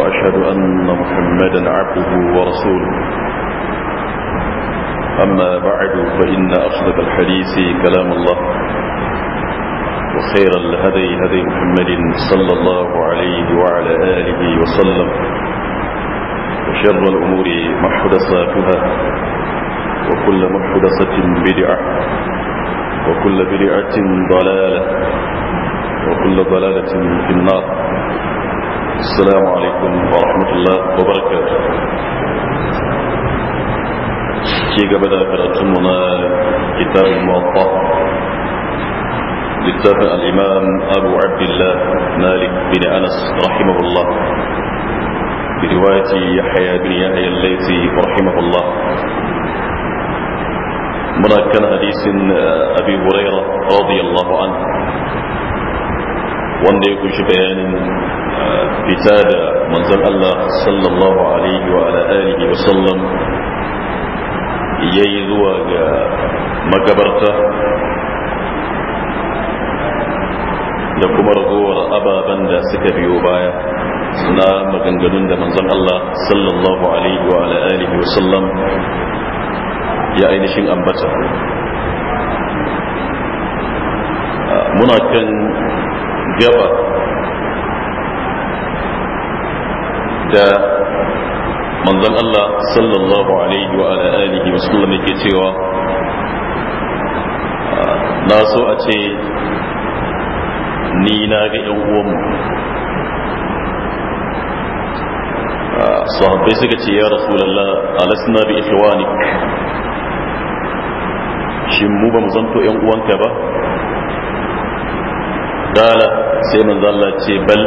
وأشهد أن محمدا عبده ورسوله أما بعد فإن أصدق الحديث كلام الله وخير الهدي هدي محمد صلى الله عليه وعلى آله وسلم وشر الأمور محدثاتها وكل محدثة بدعة وكل بدعة ضلالة وكل ضلالة في النار السلام عليكم ورحمة الله وبركاته كي قبل كراتمنا كتاب الموطة لكتاب الإمام أبو عبد الله مالك بن أنس رحمه الله برواية يحيى بن يحيى الليثي رحمه الله مرة كان حديث آه، أبي هريرة رضي الله عنه وأن يكون شبيان fita da manzon Allah sallallahu alaihi wa ala alihi wa sallam yayi zuwa ga magabarta da kuma ragowar ababen da suka biyo baya na maganganun da manzon Allah sallallahu alaihi wa ala alihi wa sallam ya ainihin ambata muna kan gaba da manzon Allah sallallahu alaihi wa ala alihi wasallam yake cewa na so a ce ni na ga yan mu sahabbai suka ce ya rasulullah alasna bi ikhwani shin mu ba mu zanto yan uwanka ba dala sai manzo Allah ce bal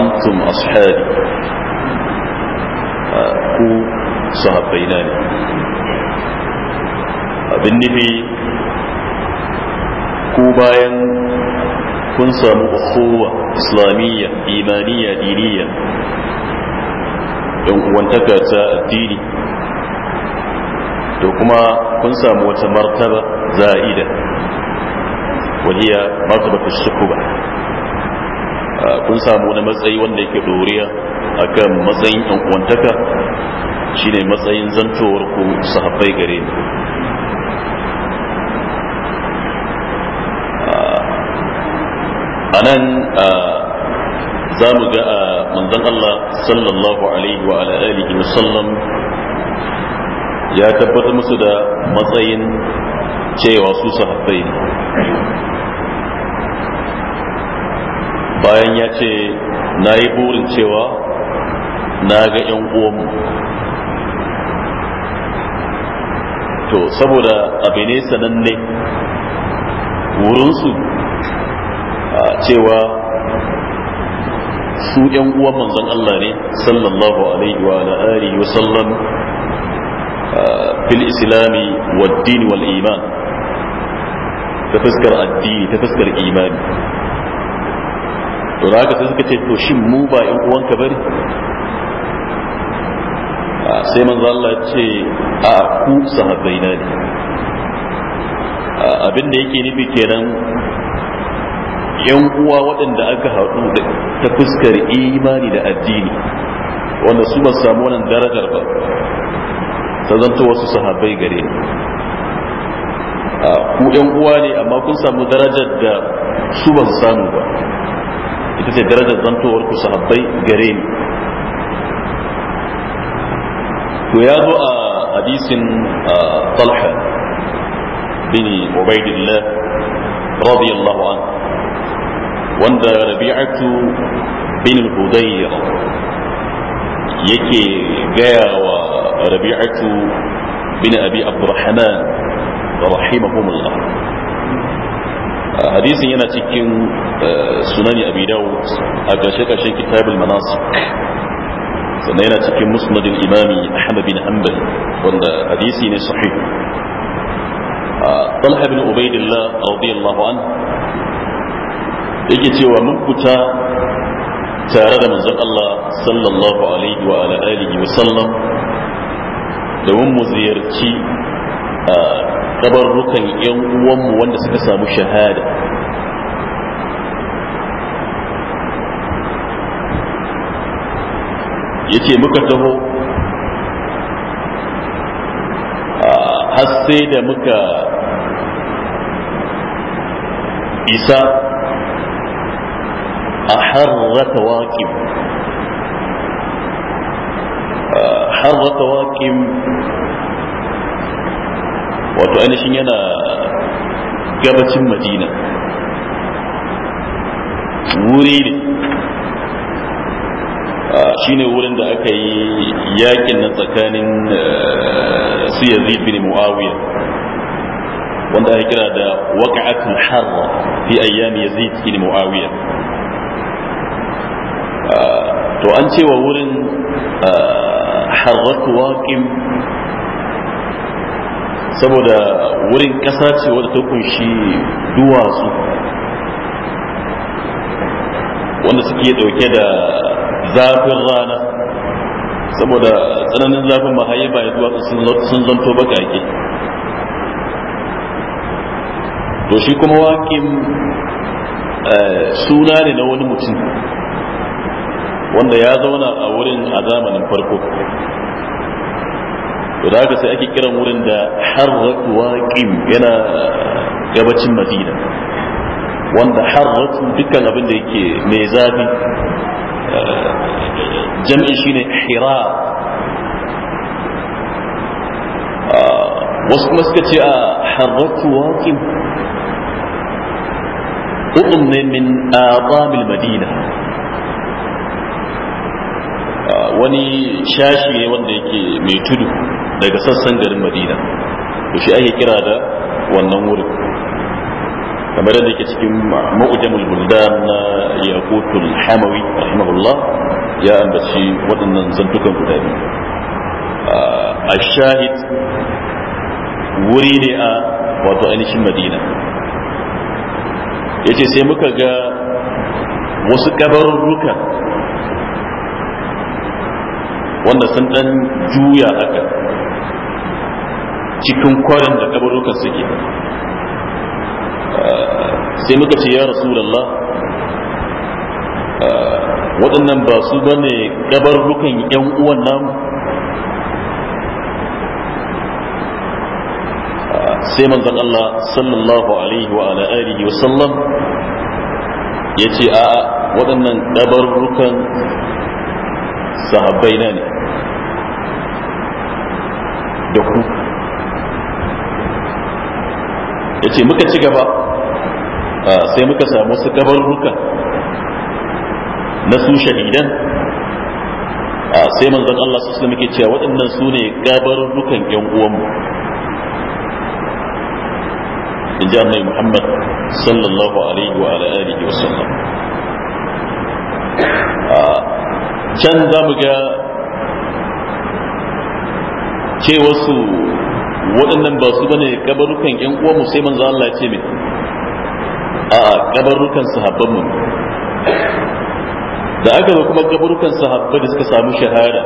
antum ashabi ko sahabbaina ne abin nufi ku bayan kun samu kowa islamiyya imaniya diniya don uwantaka ta addini to kuma kun samu wata martaba za'ida wahiya martabatu sukuba kun samu wani matsayi wanda yake doriya akan matsayin uwantaka shine matsayin zantowar ku sahabbai gare ni a nan za mu ga a manzon Allah sallallahu alaihi wa alihi wasallam ya tabbatar musu da matsayin cewa su sahabbai bayan ya ce na yi burin cewa na ga 'yan uwanmu to saboda abu ne sananne wurinsu cewa su ‘yan uwan manzon Allah ne sallallahu alaihi wa alihi wa sallam fil islami wa dini wal iman ta fuskar addini ta fuskar imani to da haka sai suka ce to shin mu ba ‘yan ka bari. sai manzo Allah ya ce a ku sahabbai na ne abin da yake nufi kenan yan uwa waɗanda aka haɗu ta fuskar imani da addini wanda su ba samu wannan darajar ba ta zanto wasu sahabbai gare ku yan uwa ne amma kun samu darajar da su ba su samu ba ita ce darajar zantowar ku sahabbai gare ni to ya zo a hadisin talha bin ubaidillah radiyallahu an wanda rabi'atu bin hudayr yake gaya wa rabi'atu bin abi abdurrahman rahimahumullah hadisin yana cikin sunani abi dawud a ƙarshe-ƙarshen kitabul manasik sannan yana cikin musnadin imami ahmad bin hanbal wanda hadisi ne sahih talha bin ubaidillah radiyallahu an yake cewa mun kuta tare da manzon Allah sallallahu alaihi wa ala alihi wa sallam Da domin mu ziyarci kabarrukan yan uwanmu wanda suka samu shahada yace muka taho har sai da muka isa a harrata waƙim harrata waƙim wato ainihin yana gabacin madina wuri ne shine wurin da aka yi yakin na tsakanin eh, su yazid bin muawiya wanda ake kira da waqa'atul harra fi ayyami yazid bin muawiya eh, to an cewa wurin eh, harratu waqim saboda wurin ƙasa ce wadda ta kunshi duwatsu wanda suke ɗauke da zafin rana saboda tsananin zafin mahayyiba ba zuwa sun zanto bakake to shi kuma waƙin eh, suna ne na wani mutum wanda ya zauna a wurin a zamanin farko to da haka sai ake kiran wurin da harratu waƙin yana gabacin madina wanda harratu dukkan abin da yake mai zafi eh, جمعي شيني آه، وسط مسكتي آه، حررت واكم أضم من آضام المدينة آه، وني شاشي واني ميتدو لك سنجر المدينة وشي أي كرادة والنمور كما لديك تكيم مؤجم البلدان يقوت الحموي رحمه الله ya ambaci waɗannan zantukan guda biyu a shahid wuri ne a wato ainihin madina ya ce sai muka ga wasu kabarurruka wanda sun ɗan juya haka cikin kwarin da kabarurruka suke sai muka ce ya rasu Allah waɗannan ba su ba bane kabarrukan yan uwan namu sai manzon Allah sallallahu alaihi wa alihi wa sallam ya ce a waɗannan rukan sahabbai na ne da ku Ya ce muka ci gaba sai muka samu su rukan na su shahidan sai manzon Allah su sallama ke cewa waɗannan su ne gabarurrukan yan uwanmu in ji annabi Muhammad sallallahu alaihi wa alihi wa sallam can za mu ga ce wasu waɗannan ba su bane gabarukan yan uwanmu sai manzo Allah ya ce mai a gabarukan sahabbanmu da aka zo kuma kaburukan sahabbai da suka samu shahada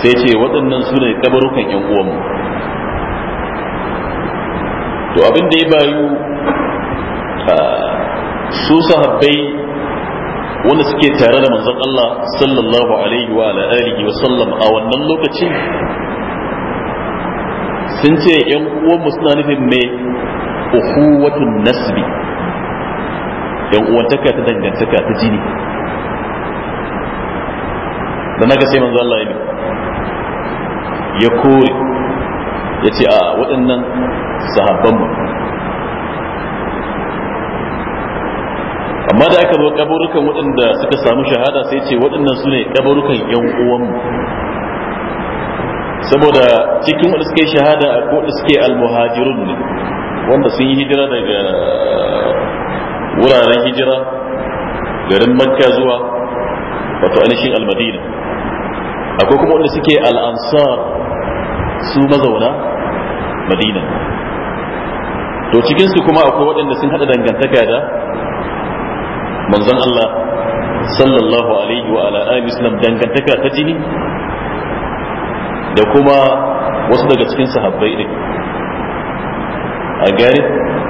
sai ce waɗannan su ne kabarukan yan uwanmu to abin da ya bayu su sahabbai wanda suke tare da manzon Allah sallallahu alaihi wa alihi wa sallam a wannan lokaci sun ce yan uwanmu suna nufin me uhuwatun nasbi yan uwantaka ta dangantaka ta jini da naka sai manzo Allah ya ya kore ya ce a waɗannan sahabbanmu amma da aka zo kaburukan waɗanda suka samu shahada sai ce waɗannan su ne kaburukan yan uwanmu saboda cikin wanda suke shahada a kodin suke almuhajirun ne wanda sun yi hijira daga wuraren hijira garin makka zuwa wato ainihin almadina akwai kuma wanda suke al'ansar su mazauna madina to cikinsu kuma akwai waɗanda sun haɗa dangantaka da manzon Allah sallallahu alaihi wa ala alihi dangantaka ta jini da kuma wasu daga cikin sahabbai din a gare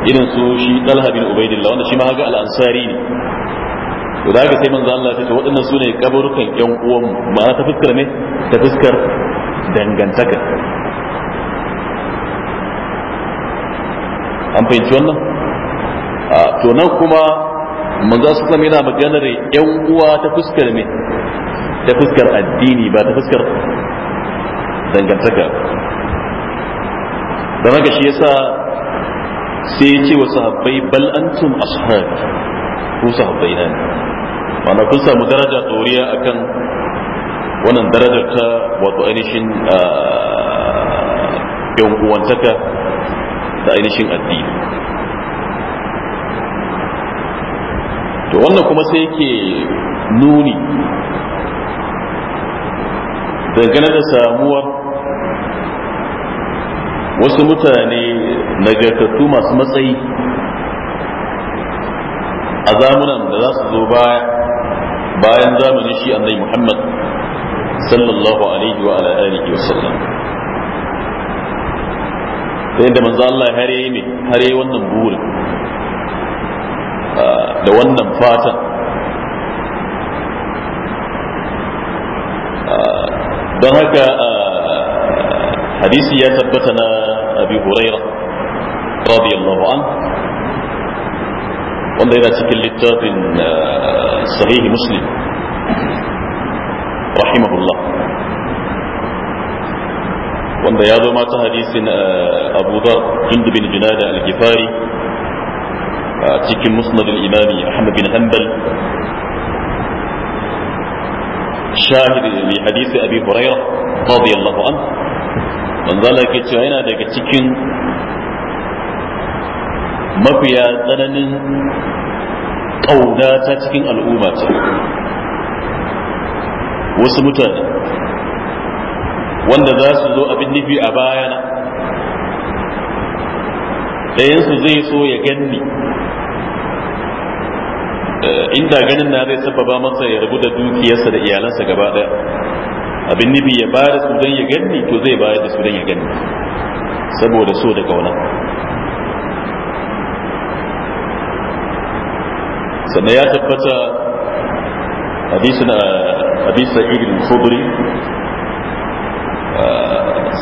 irin su shi Talha Ubaidillah wanda shi ma ne to da sai manzo Allah ya ce waɗannan sune kaburukan ƴan uwan ba ta fuskar ne ta fuskar dangantaka an fahimci wannan a to nan kuma manzo su kuma yana maganar ƴan uwa ta fuskar ne, ta fuskar addini ba ta fuskar dangantaka Da haka shi yasa sai ya ce wa sahabbai bal antum ashabi ku sahabbai na ne kun samu daraja tsoriya akan wannan darajar ta wato ainihin yan uwantaka da ainihin addini to wannan kuma sai yake nuni dangane da samuwar wasu mutane nagartattu masu matsayi a zamunan da za su zo baya bayan zamanin shi annabi Muhammad sallallahu alaihi wa ala alihi wa sallam da yadda manzo Allah har yayi ne hare wannan burin da wannan fata don haka hadisi ya tabbata na abi hurairah radiyallahu anhu wanda yana cikin littafin sahihi muslim rahimahullah wanda ya zo mata hadisin abu da bin junada al-gifari cikin musnad al-imami ahmad bin hanbal shahid li hadisi abi hurairah radiyallahu anhu manzo Allah yake cewa yana daga cikin mafiya tsananin ƙauna ta cikin al'umma ce wasu mutane wanda za su zo abin nufi a bayana ɗayansu zai so ya ganni eh, inda ganin na zai sababa masa ya rabu da dukiyarsa da iyalansa gaba ɗaya abin nufi ya ba da su don ya ganni to zai bayar da su don ya ganni saboda so da ƙauna sannan ya tabbata hadisin hadis sa'id al-khudri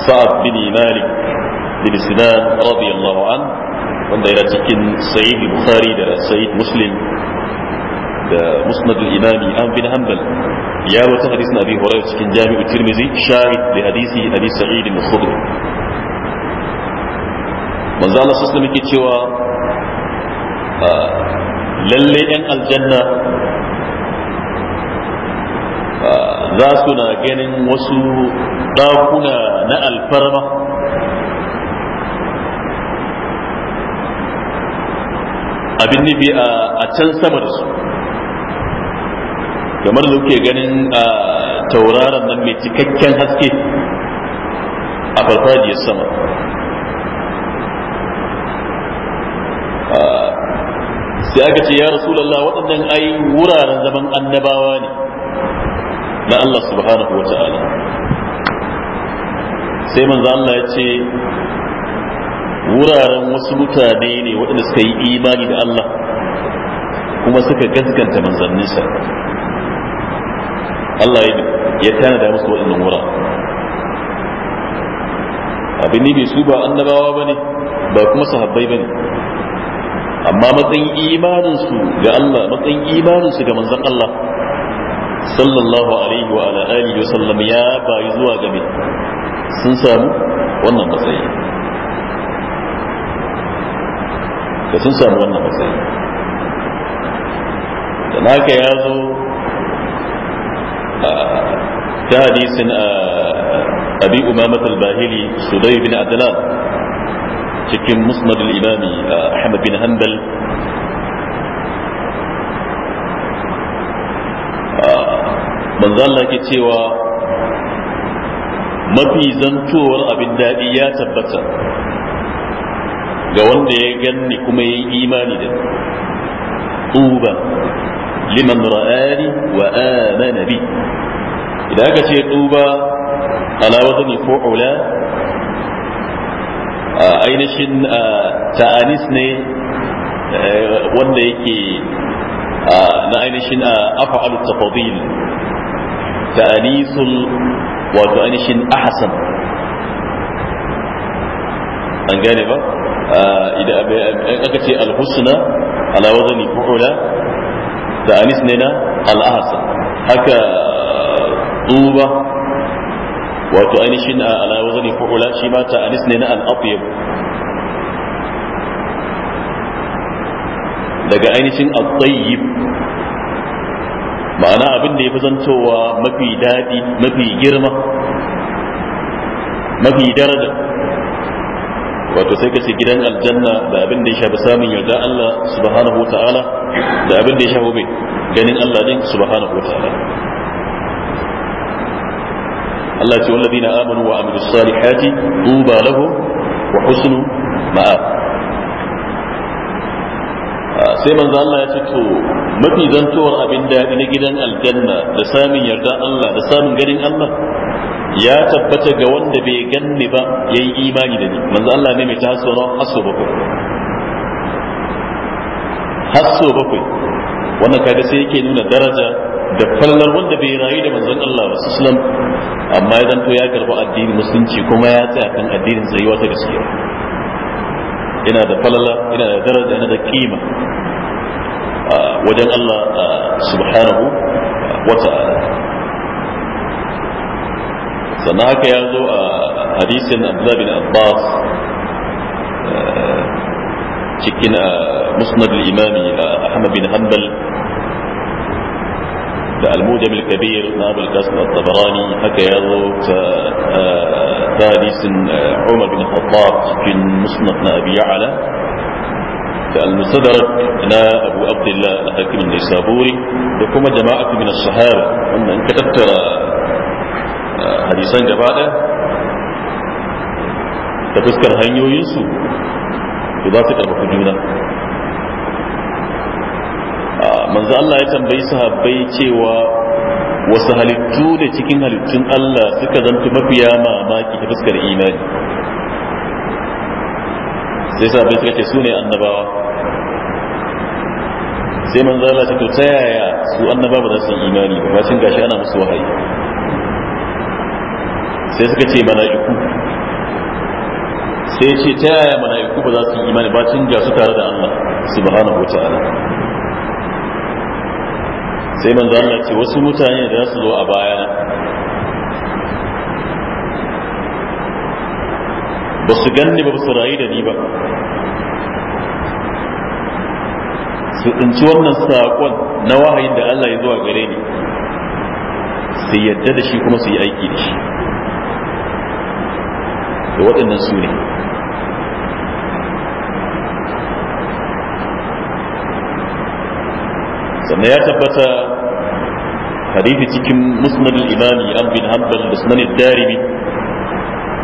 sa'ad bin malik bin sinan radiyallahu an wanda yana cikin sa'id bukhari da sa'id muslim da musnad al-imami an bin hanbal ya wata hadisin abi hurairah cikin jami'u tirmizi shahid da hadisi hadis sa'id al-khudri manzo Allah sallallahu alaihi cewa lalle yan aljanna ah, za su na ganin wasu ɗakuna na alfarma abin nufi a can sama su kamar da kuke ganin a ah, tauraron nan mai cikakken haske a farfajiyar sama sai aka ce ya rasulullah waɗannan ai wuraren zaman annabawa ne na Allah subhanahu wa ta'ala sai manzo Allah ya ce wuraren wasu mutane ne waɗanda suka yi imani da Allah kuma suka gaskanta manzanninsa Allah ya tanada musu waɗannan wura abin ne su ba annabawa ba ne ba kuma sahabbai ba ne amma matsayin imanin su ga Allah matsayin imanin su ga manzon Allah sallallahu alaihi wa ala alihi wa sallam ya bayi zuwa ga me sun samu wannan matsayi ka sun samu wannan matsayi da naka ya zo ta hadisin abi umamatul bahili sudai bin adlan cikin musnad al-imami uh, ahmad bin hanbal uh, manzo Allah ke cewa mafi zantowar abin daɗi ya tabbata ga wanda ya ganni kuma ya yi imani da tuba liman ra'ani wa amana bi idan aka ce tuba ala wazani ko aula ainihin ta'anis ne e, wanda yake na ainihin afa'alu tafadil ta'anisul wato ainihin ahsan an gane ba idan aka ce alhusna ala wazani fu'ula ta'anis ne na al'ahsan haka tsuba wato ainihin a ala wazni fu'ula shi ma ta anis ne na al-atyib daga ainihin al-tayyib ma'ana abin da ya fi zantowa mafi daɗi mafi girma mafi daraja wato sai ka ce gidan aljanna da abin da ya shafi samun yarda Allah subhanahu wa ta'ala da abin da ya shafi ganin Allah din subhanahu wa ta'ala Allah ce wallazina amanu wa amilus salihati tuba lahum wa husnu ah, sai manzo Allah ya ce to mafi zantowar abin daɗi na gidan aljanna da samun yarda Allah da samun ganin Allah ya tabbata ga wanda bai ganni ba yayi imani da ni manzo Allah ne mai tasowa hasso bakwai hasso bakwai wannan kaga sai yake nuna daraja da fallar wanda bai rayu da manzon Allah ba sallam amma ya zanto ya karbi addinin musulunci kuma ya tsaya kan addinin tsayuwa ta gaskiya ina da falala ina da daraja ina da kima wajen Allah subhanahu wa ta'ala sannan haka ya zo a hadisin Abdullah bin Abbas cikin musnad al-imami Ahmad bin Hanbal الموجب الكبير ناب القصر الطبراني حكي آه، ثالث آه، عمر بن الخطاب في مصنف ابي يعلى المستدرك انا ابو عبد الله الحاكم النيسابوري وكما جماعه من الصحابه ان كتبت آه، حديثا جباده تذكر هنيو يوسف في ذاتك المفجوده manzo Allah ya tambayi sahabbai cewa wasu halittu da cikin halittun Allah suka zanto mafiya mamaki ta fuskar imani sai sahabbai suka ce su ne annabawa sai manzo Allah ya ta yaya su annaba ba za su imani ba bacin gashi ana musu wahayi sai suka ce mala'iku sai ce ta yaya mala'iku ba za su yi imani ba ga su tare da Allah subhanahu wa ta'ala sai manzo Allah ce wasu mutane da su zo a baya. ba su ganni ba su rayu da ni ba su tsinci wannan saƙon na wahayin da Allah ya zuwa gare ni su yadda da shi kuma su yi aiki da shi da waɗannan su ne sannan ya tabbata hadithi cikin musnad al-imami an bin hanbal da sunan ad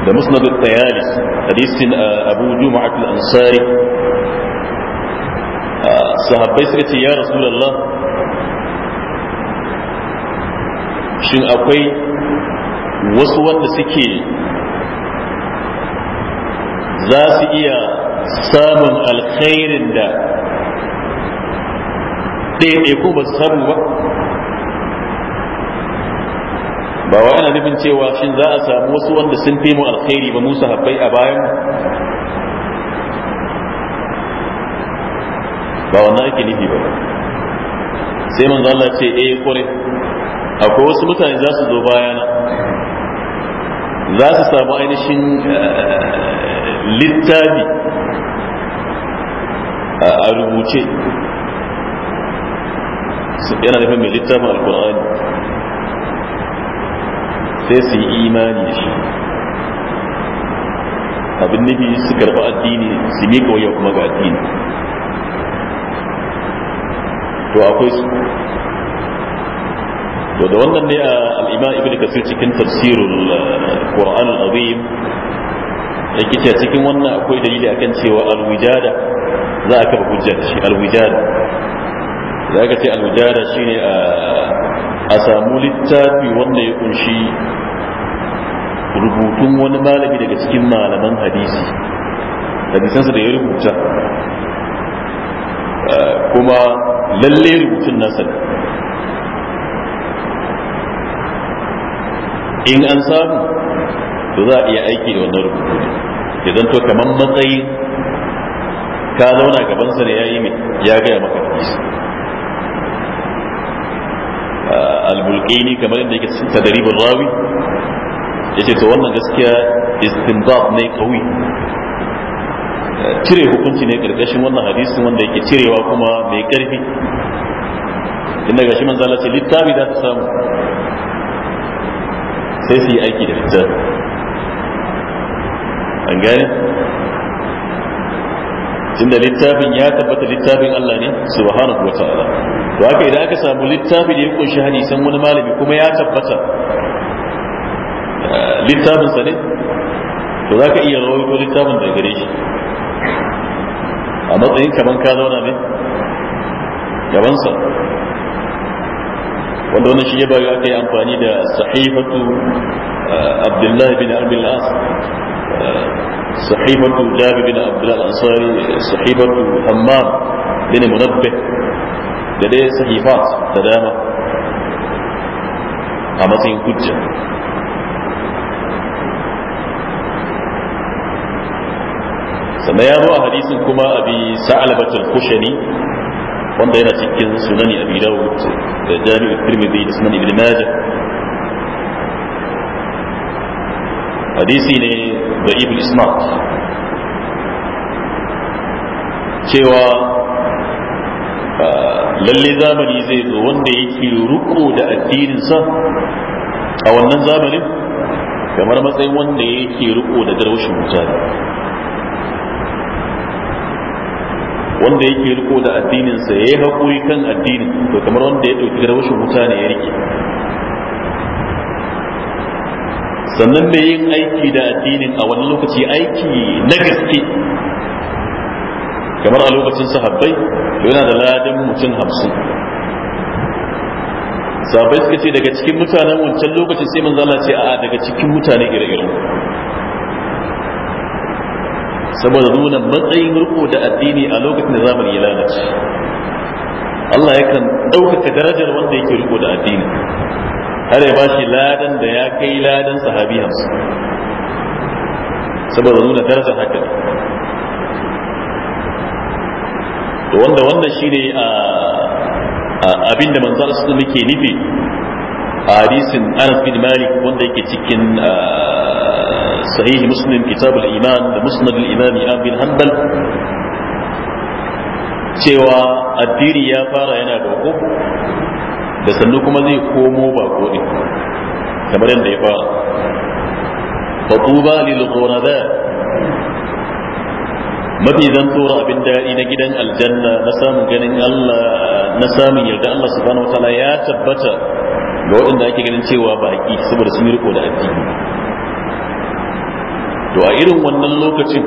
da musnad al-tayalis hadisin uh, abu juma'a al-ansari uh, sahabbai suka ce ya rasulullah shin akwai wasu wanda suke za su iya samun alkhairin da ɗaya ko ba su samu ba ba wa ana nufin cewa shin za a samu wasu wanda sun fi mu alkhairi ba musu habbai a bayan ba wanda ake nufi ba sai manzo Allah ce eh kore akwai wasu mutane za su zo bayana za su samu ainihin eh, littafi a rubuce yana nufin mai littafin alkur'ani sai su yi imani da shi abin nufi su karɓi addini su miƙa wayo kuma ga addini to akwai su to da wannan ne a ah, al'imam ibn kasir cikin tafsirul ah, qur'an al-azim yake cewa cikin wannan akwai dalili akan cewa al-wijada za a kafa hujjar shi al-wijada Za ka ce shi shine a samu littafi wanda ya kunshi rubutun wani malami daga cikin malaman hadisi hadisansa da ya rubuta kuma lalle rubutun nasa in an samu to za a iya aiki da wannan rubutu ya zanto kamar matsayin ka zauna gabansa ne ya yi ya gaya maka hadisi bulqini kamar yadda yake cikin tadribul rawi yace to wannan gaskiya istinbat ne kawai cire hukunci ne karkashin wannan hadisin wanda yake cirewa kuma mai karfi inda gashi shi manzala ce littafi za ta samu sai su aiki da littafi an gane tunda littafin ya tabbata littafin Allah ne subhanahu wataala to haka idan aka samu littafi da ya kunshi hadisan wani malami kuma ya tabbata eh, littafin sa ne to zaka iya rawaito littafin da gare shi a matsayin kaman ka zauna ne gaban sa wanda wannan shi ya bayu aka yi amfani da sahifatu eh, abdullahi bin abdul as eh, صحيفة جابر بن عبد الله الأنصاري صحيفة حمام بن منبه لديه صحيفات تدامى a matsayin hujja sannan ya zo a hadisin kuma abi sa'alabatul kushani wanda yana cikin sunani abi dawud da jami'ul tirmidhi da sunan ibn majah hadisi ne da ibn ismaq cewa lalle zamani zai zo wanda yake ruko da addininsa a wannan zamanin kamar matsayin wanda yake riko da garwashin mutane wanda yake riko da addininsa ya yi haƙuri kan addinin to kamar wanda ya ɗauki garwashin mutane ya rike sannan mai yin aiki da addinin a wani lokaci aiki na gaske kamar a lokacin sahabbai yana da ladan mutum hamsin sahabbai suka ce daga cikin mutanen wancan lokacin sai manzala ce a daga cikin mutane ire-iren saboda nuna matsayin riko da addini a lokacin da zamani ya lalace Allah yakan ɗaukaka darajar wanda yake riko da addini Allah ya bashi ladan da ya kai ladan sahabi hamsin saboda nuna darajar haka to wanda wannan ne a abin da manzo Allah sallallahu alaihi nufi a hadisin Anas bin Malik wanda yake cikin sahihi muslim kitab al-iman da musnad al-imam bin Hanbal cewa addini ya fara yana da da sannu kuma zai komo ba koɗi kamar yadda ya fara tuba lil qurada mafi zan tsora abin daɗi na gidan aljanna na samun ganin Allah na samun yarda Allah subhanahu wataala ya tabbata ga waɗanda ake ganin cewa baki saboda sun riko da addini to a irin wannan lokacin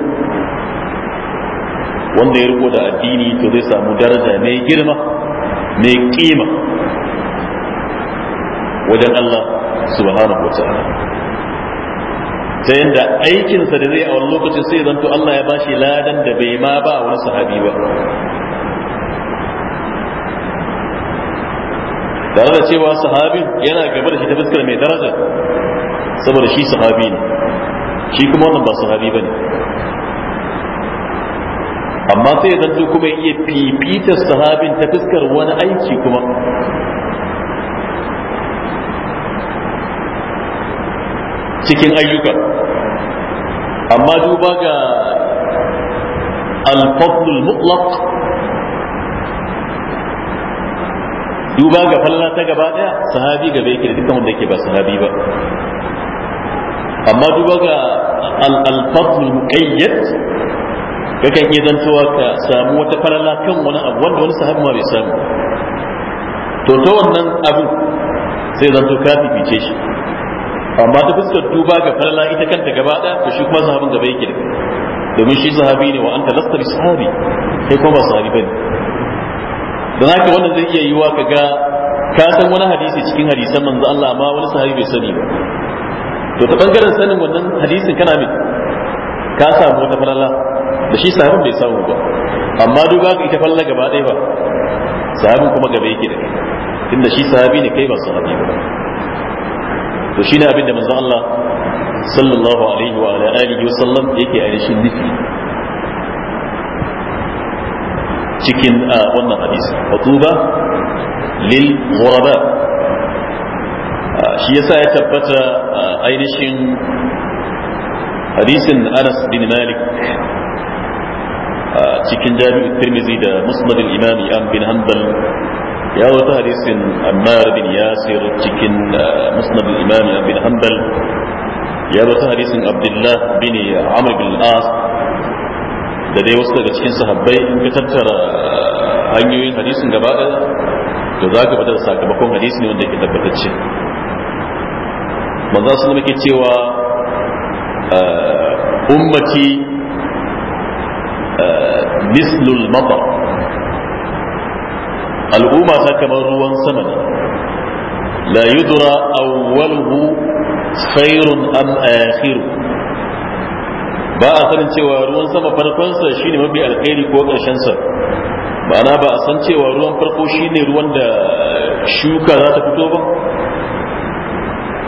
wanda ya riko da addini to zai samu daraja mai girma mai kima wajen Allah subhanahu wa ta'ala ta yadda aikinsa da zai a wani lokacin sai zanto Allah ya bashi ladan da bai ma ba wani sahabi ba tare da cewa sahabin yana gaba da shi ta fuskar mai daraja saboda shi sahabi ne shi kuma wannan ba sahabi ba ne amma sai ya zanto kuma iya fifitar sahabin ta fuskar wani aiki kuma cikin ayyuka amma duba ga alfadlul mutlaq duba ga falla ta gaba daya sahabi gaba yake da dukkan wanda yake ba sahabi ba amma duba ga alfadlul muqayyad kakan iya zantowa ka samu wata falala kan wani abu wanda wani sahabi ma bai samu to ta wannan abu sai zanto ka fifice shi amma ta fuskar duba ga falala ita kanta gaba ɗaya to shi kuma sahabin gaba yake da domin shi sahabi ne wa anta lasta sahabi kai kuma ba sahabi bane don haka wannan zai iya yiwa ka ga ka san wani hadisi cikin hadisan manzo Allah amma wani sahabi bai sani ba to ta bangaren sanin wannan hadisin kana mai ka samu wata falala da shi sahabin bai samu ba amma duba ga ita falala gaba ɗaya ba sahabin kuma gaba yake da kai tunda shi sahabi ne kai ba sahabi ba to shine abin da manzon Allah sallallahu alaihi wa ala alihi wa sallam yake a ainihin nufi cikin wannan hadisi wa tuba lil ghuraba shi yasa ya tabbata ainihin hadisin Anas bin Malik cikin jami'ul Tirmidhi da Musnad al-Imam Ibn Hanbal ya zo ta hadisin ammar bin yasir cikin uh, musnad al-imam bin hanbal ya zo ta hadisin abdullah bin amr bin as da dai wasu daga cikin sahabbai in ka tattara uh, hanyoyin hadisin gaba ɗaya to za ka fita da sakamakon hadisi ne wanda ke tabbatacce manzo sun muke cewa uh, ummati mislul matar al'umma ta kamar ruwan sama ne la yudra awwaluhu khairun am akhiru ba a sanin cewa ruwan sama farkonsa shine mafi alkhairi ko karshen sa ma'ana ba a san cewa ruwan farko shine ruwan da shuka za ta fito ba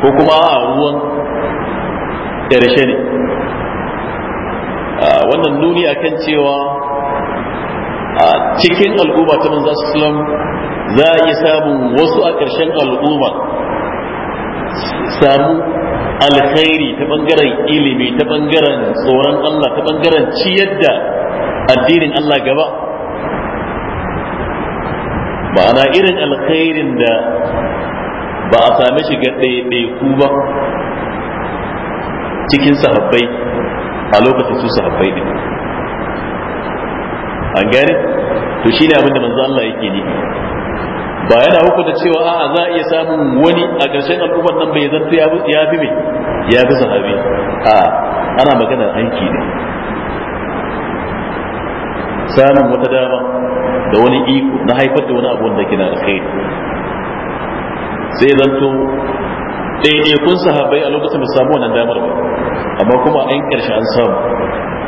ko kuma a ruwan ƙarshe ne wannan nuni akan cewa a cikin al'umma ta manzo sallam za a iya samun wasu a ƙarshen al'umma samu alkhairi ta bangaren ilimi ta bangaren tsoron Allah ta bangaren ciyar da addinin Allah gaba ma'ana irin alkhairin da ba a sami shi ga ku ba cikin sahabbai a lokacin su sahabbai ne an gane to shine abin da manzo Allah yake nufi ba yana hukunta cewa a'a za a iya samun wani a ƙarshen al'ummar nan bai zanto ya ya bi mai ya bi sahabi a ana magana aiki ne samun wata dama da wani iko na haifar da wani abu wanda kina alkhairi sai zanto ɗaiɗaikun sahabai a lokacin da samu wannan damar ba amma kuma an ƙarshe an samu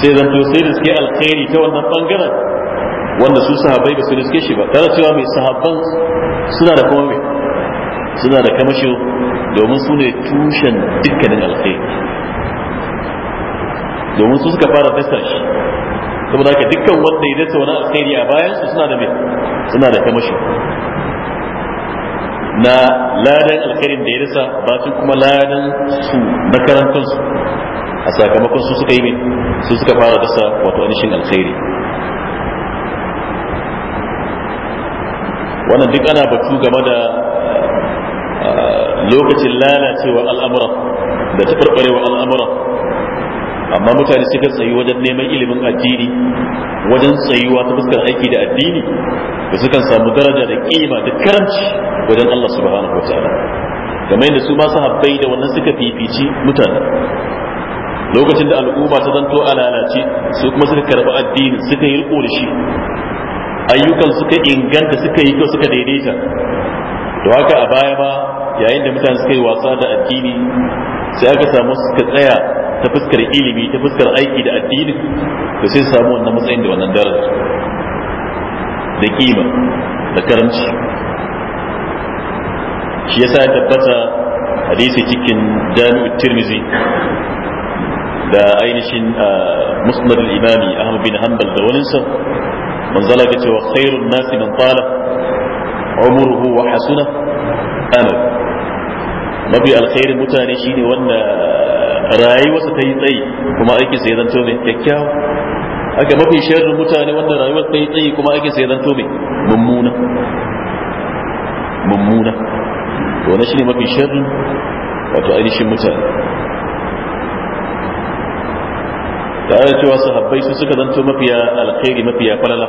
sai zanto sai da suke alkhairi ta wannan bangaren wanda su sahabbai ba su riske shi ba kada cewa mai sahabban suna da kuma mai suna da kamashi domin su ne tushen dukkanin alkhairi domin su suka fara dasa shi saboda haka dukkan wanda ya dasa wani alkhairi a bayan su suna da mai suna da kamashi na ladan alkhairin da ya rasa, ba kuma ladan su na su a sakamakon su suka yi mai sai suka fara dasa wato anishin alkhairi wannan duk ana batu game da eh, lokacin lalacewa al'amura da taɓarɓarewa al'amura amma mutane suka tsayi wajen neman ilimin addini wajen tsayuwa ta fuskar aiki da addini da sukan samu daraja da kima da karanci wajen Allah subhanahu wa ta'ala kamar yadda su ma sahabbai da wannan suka fifici mutane lokacin da al'umma ta zanto a lalace su kuma suka karɓi addini suka yi riko da shi ayyukan suka inganta suka yi kyau suka daidaita da haka a baya ba yayin da mutane suka yi wasa da addini sai aka samu suka tsaya ta fuskar ilimi ta fuskar aiki da addini to sai samu wannan matsayin da wannan daraja da kima da karamci shi yasa ya tabbata hadisi cikin jami'u tirmizi da ainihin ah, musnad al-imami ahmad bin hanbal da waninsa manzala ga cewa khairun nasi man tala umruhu wa hasuna amal mafi alkhairin mutane shine wanda rayuwarsa ta yi tsayi kuma aikin sa ya zanto mai kyakkyawa haka mafi sharrin mutane wanda rayuwar ta yi tsayi kuma aikin sa ya zanto mai mummuna mummuna to wannan shine mafi sharrin wato ainihin mutane tare da cewa sahabbai su suka zanto mafiya alkhairi mafiya falala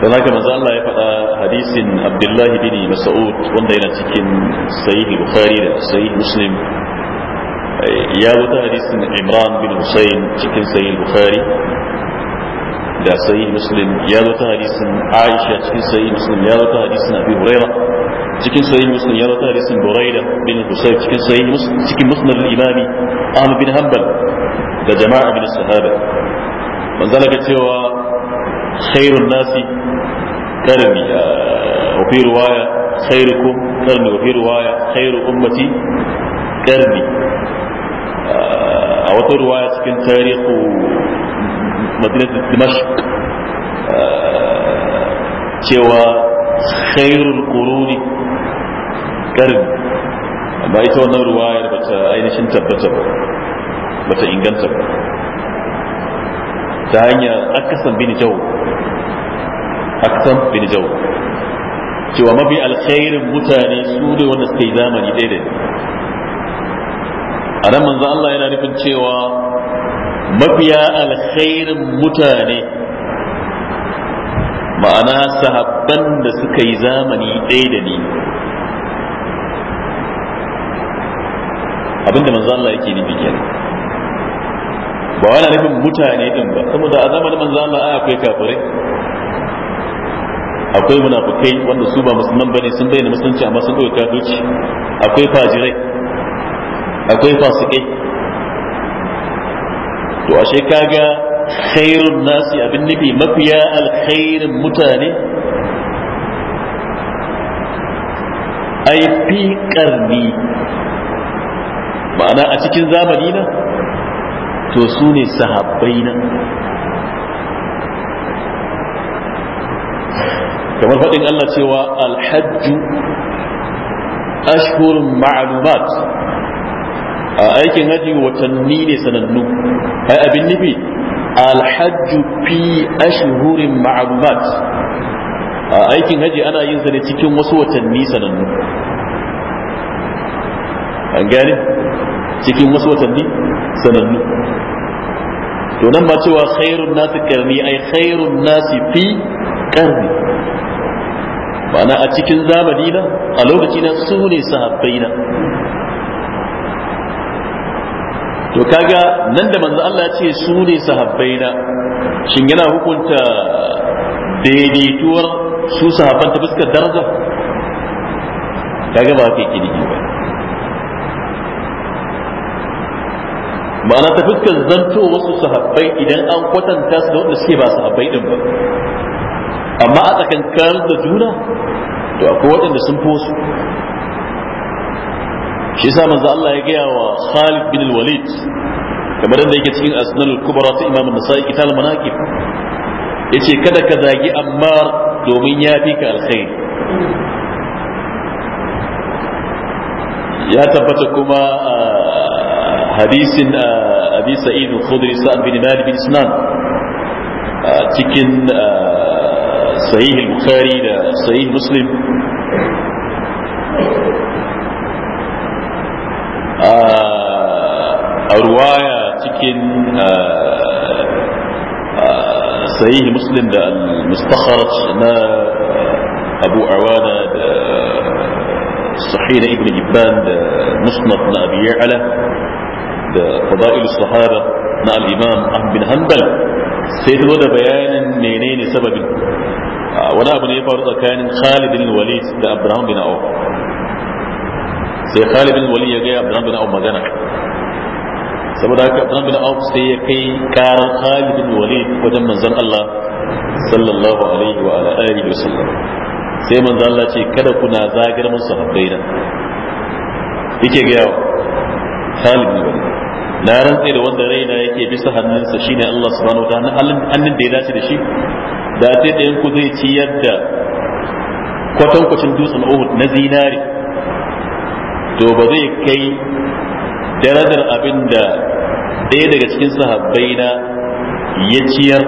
da haka manzo Allah ya faɗa hadisin Abdullahi bin Mas'ud wanda yana cikin sahih Bukhari da sahih Muslim ya wuta hadisin Imran bin hussein cikin sahih Bukhari da sahih Muslim ya wuta hadisin Aisha cikin sahih Muslim ya wuta hadisin Abi Hurairah cikin sahih Muslim ya wuta hadisin Buraida bin Husayn cikin sahih Muslim cikin Musnad al-Imami Ahmad bin Hanbal ga jama'a min sahaba manzo Allah cewa khairun nasi karmi wa fi riwaya khairukum karmi wa fi riwaya khairu ummati karmi a wata riwaya cikin tarihu madinatu dimashq cewa khairul quruni karmi amma ita wannan ruwayar bata ainihin tabbata ba bata inganta ba ta hanyar akasan bin jau akasan bin jau cewa mafi alkhairin mutane su ne wanda suka yi zamani ɗaya da a nan manzo Allah yana nufin cewa mafiya alkhairin mutane ma'ana sahabban da suka yi zamani ɗaya da ni abinda manzo Allah yake nufi kenan ba wani nufin mutane din ba saboda a zamanin manzo Allah ai akwai kafirai akwai munafikai wanda su ba musulman bane sun bayyana musulunci amma sun dauka kafirci akwai fajirai akwai fasikai to ashe kaga khairun nasi abin nabi mafiya alkhairin mutane ai fi karni ma'ana a cikin zamani na to su ne sahabbai na kamar faɗin Allah cewa alhajju ashhurun ma'lumat a aikin haji watanni ne sanannu ai abin nufi alhajju fi ashhurin ma'lumat a aikin haji ana yin sa ne cikin wasu watanni sanannu an gane cikin wasu watanni sanannu to nan ba cewa khairun nasi karni ai khairun nasi fi karni ma'ana a cikin zamani na a lokaci na su ne sahabbai na to kaga nan da manzo Allah ce su ne sahabbai na shin yana hukunta daidaituwar su sahabban ta fuskar daraja kaga ba ke kidi ba ma'ana ta fuskar zanto wasu sahabbai idan an kwatanta su da wanda suke ba sahabbai din ba amma a tsakankanin da juna to akwai waɗanda sun fi wasu shi sa manzo Allah ya gaya wa Khalid bin Walid kamar da yake cikin asnan al-kubra ta Imam An-Nasa'i kitab al-manaqib yace kada ka zagi Ammar domin ya fi ka alkhairi ya tabbata kuma ah, حديث أبي سعيد الخدري سعد بن مالك بن سنان تكن صحيح البخاري صحيح مسلم a ruwaya cikin sahihi muslim da al-mustakharaj na abu awana da sahih na ibn ibban da musnad na abi ya'ala da fada'il sahaba na al-imam ahmad bin hanbal sai zo da bayanin menene sababin wani abu ne ya faru tsakanin Khalid bin Walid da Abdurrahman bin Auf sai Khalid bin Walid ya ga Abdurrahman bin Auf magana saboda haka Abdurrahman bin Auf sai ya kai karar Khalid bin Walid wajen manzon Allah sallallahu alaihi wa ala alihi wa sallam sai manzon Allah ce kada kuna zagar mun sahabbai da yake ga Khalid bin Walid na rantse da wanda raina yake bisa hannunsa shine Allah subhanahu wa ta'ala hannun da ya dace da shi da sai da yanku zai ciyar da kwatankwacin dutsen Uhud na zinari to ba zai kai darajar abin da ɗaya daga cikin sahabbai na ya ciyar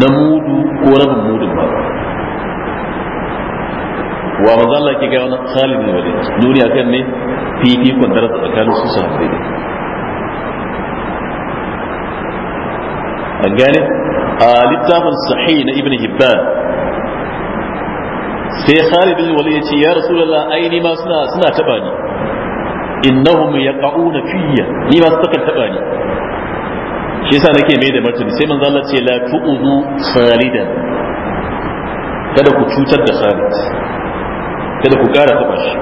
na mudu ko rabin mudun ba wa manzo Allah ke ga wani Khalid ne wani duniya kan ne fifikon daraja tsakanin su sahabbai ne an gane a littafin sahih na ibn hibban sai khalid bin walid ya ce ya rasulullah aini ma suna suna taba ni innahum yaqauna fiyya ni ma suka taba ni shi yasa nake mai da martani sai manzo Allah ce la tu'udu khalidan kada ku cutar da khalid kada ku kara taba shi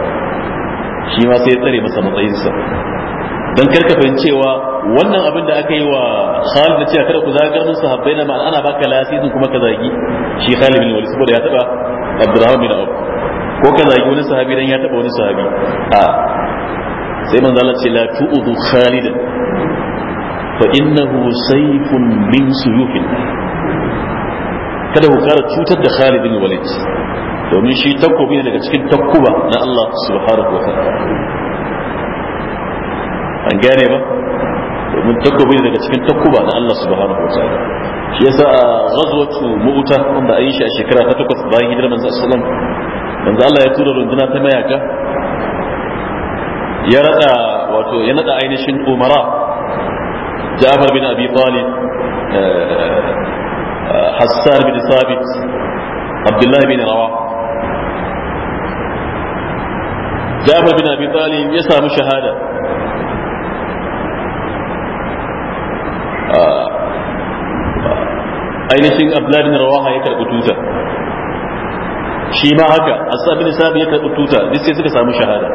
shi ma sai ya tsare masa matsayinsa don karkafin cewa wannan abin da aka yi wa Khalid da cewa kada ku zagar musu habbai na ma'ana ana baka lasisin kuma ka zagi shi Khalid bin Walid saboda ya taba Abdurrahman bin Auf ko ka zagi wani sahabi dan ya taba wani sahabi a sai manzo Allah ce la tu'udhu Khalid fa innahu sayfun min suyufin kada ku kara cutar da Khalid bin Walid domin shi takobi ne daga cikin takkuba na Allah subhanahu wa ta'ala an gane ba domin takobi ne daga cikin takuba na Allah subhanahu wa ta'ala shi yasa a ghazwatu mu'ta wanda an yi shi a shekara ta takwas bayan hijirar manzo sallallahu alaihi wasallam manzo Allah ya tura runduna ta mayaka ya rada wato ya nada ainihin umara Ja'far bin Abi Talib eh, Hassan bin Sabit Abdullah bin Rawah Jafar bin Abi Talib ya samu shahada ainihin abdullahi bin rawaha ya karɓi tuta shi ma haka asad bin sabi ya karɓi tuta duk sai suka samu shahada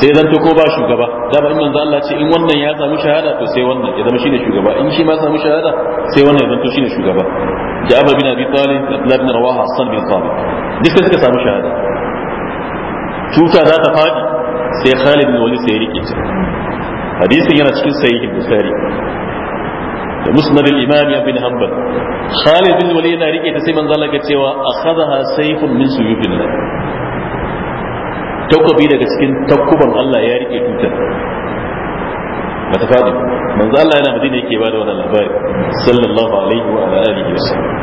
sai zan ko ba shugaba dama in manzo Allah ce in wannan ya samu shahada to sai wannan ya zama shine shugaba in shi ma samu shahada sai wannan ya zanto shine shugaba Jabir bin Abi Talib Abdullahi bin Rawaha Hassan bin Thabit duk sai suka samu shahada tuta za ta fadi sai Khalid bin Walid sai ya rike ta hadisin yana cikin sahih Bukhari da musnad al-imam ibn hanbal Khalid bin Walid yana rike ta sai manzo Allah ga cewa akhadha sayfun min suyufillah takobi daga cikin takuban Allah ya rike tutar bata fadi manzo Allah yana madina yake da wannan labari sallallahu alaihi wa alihi wasallam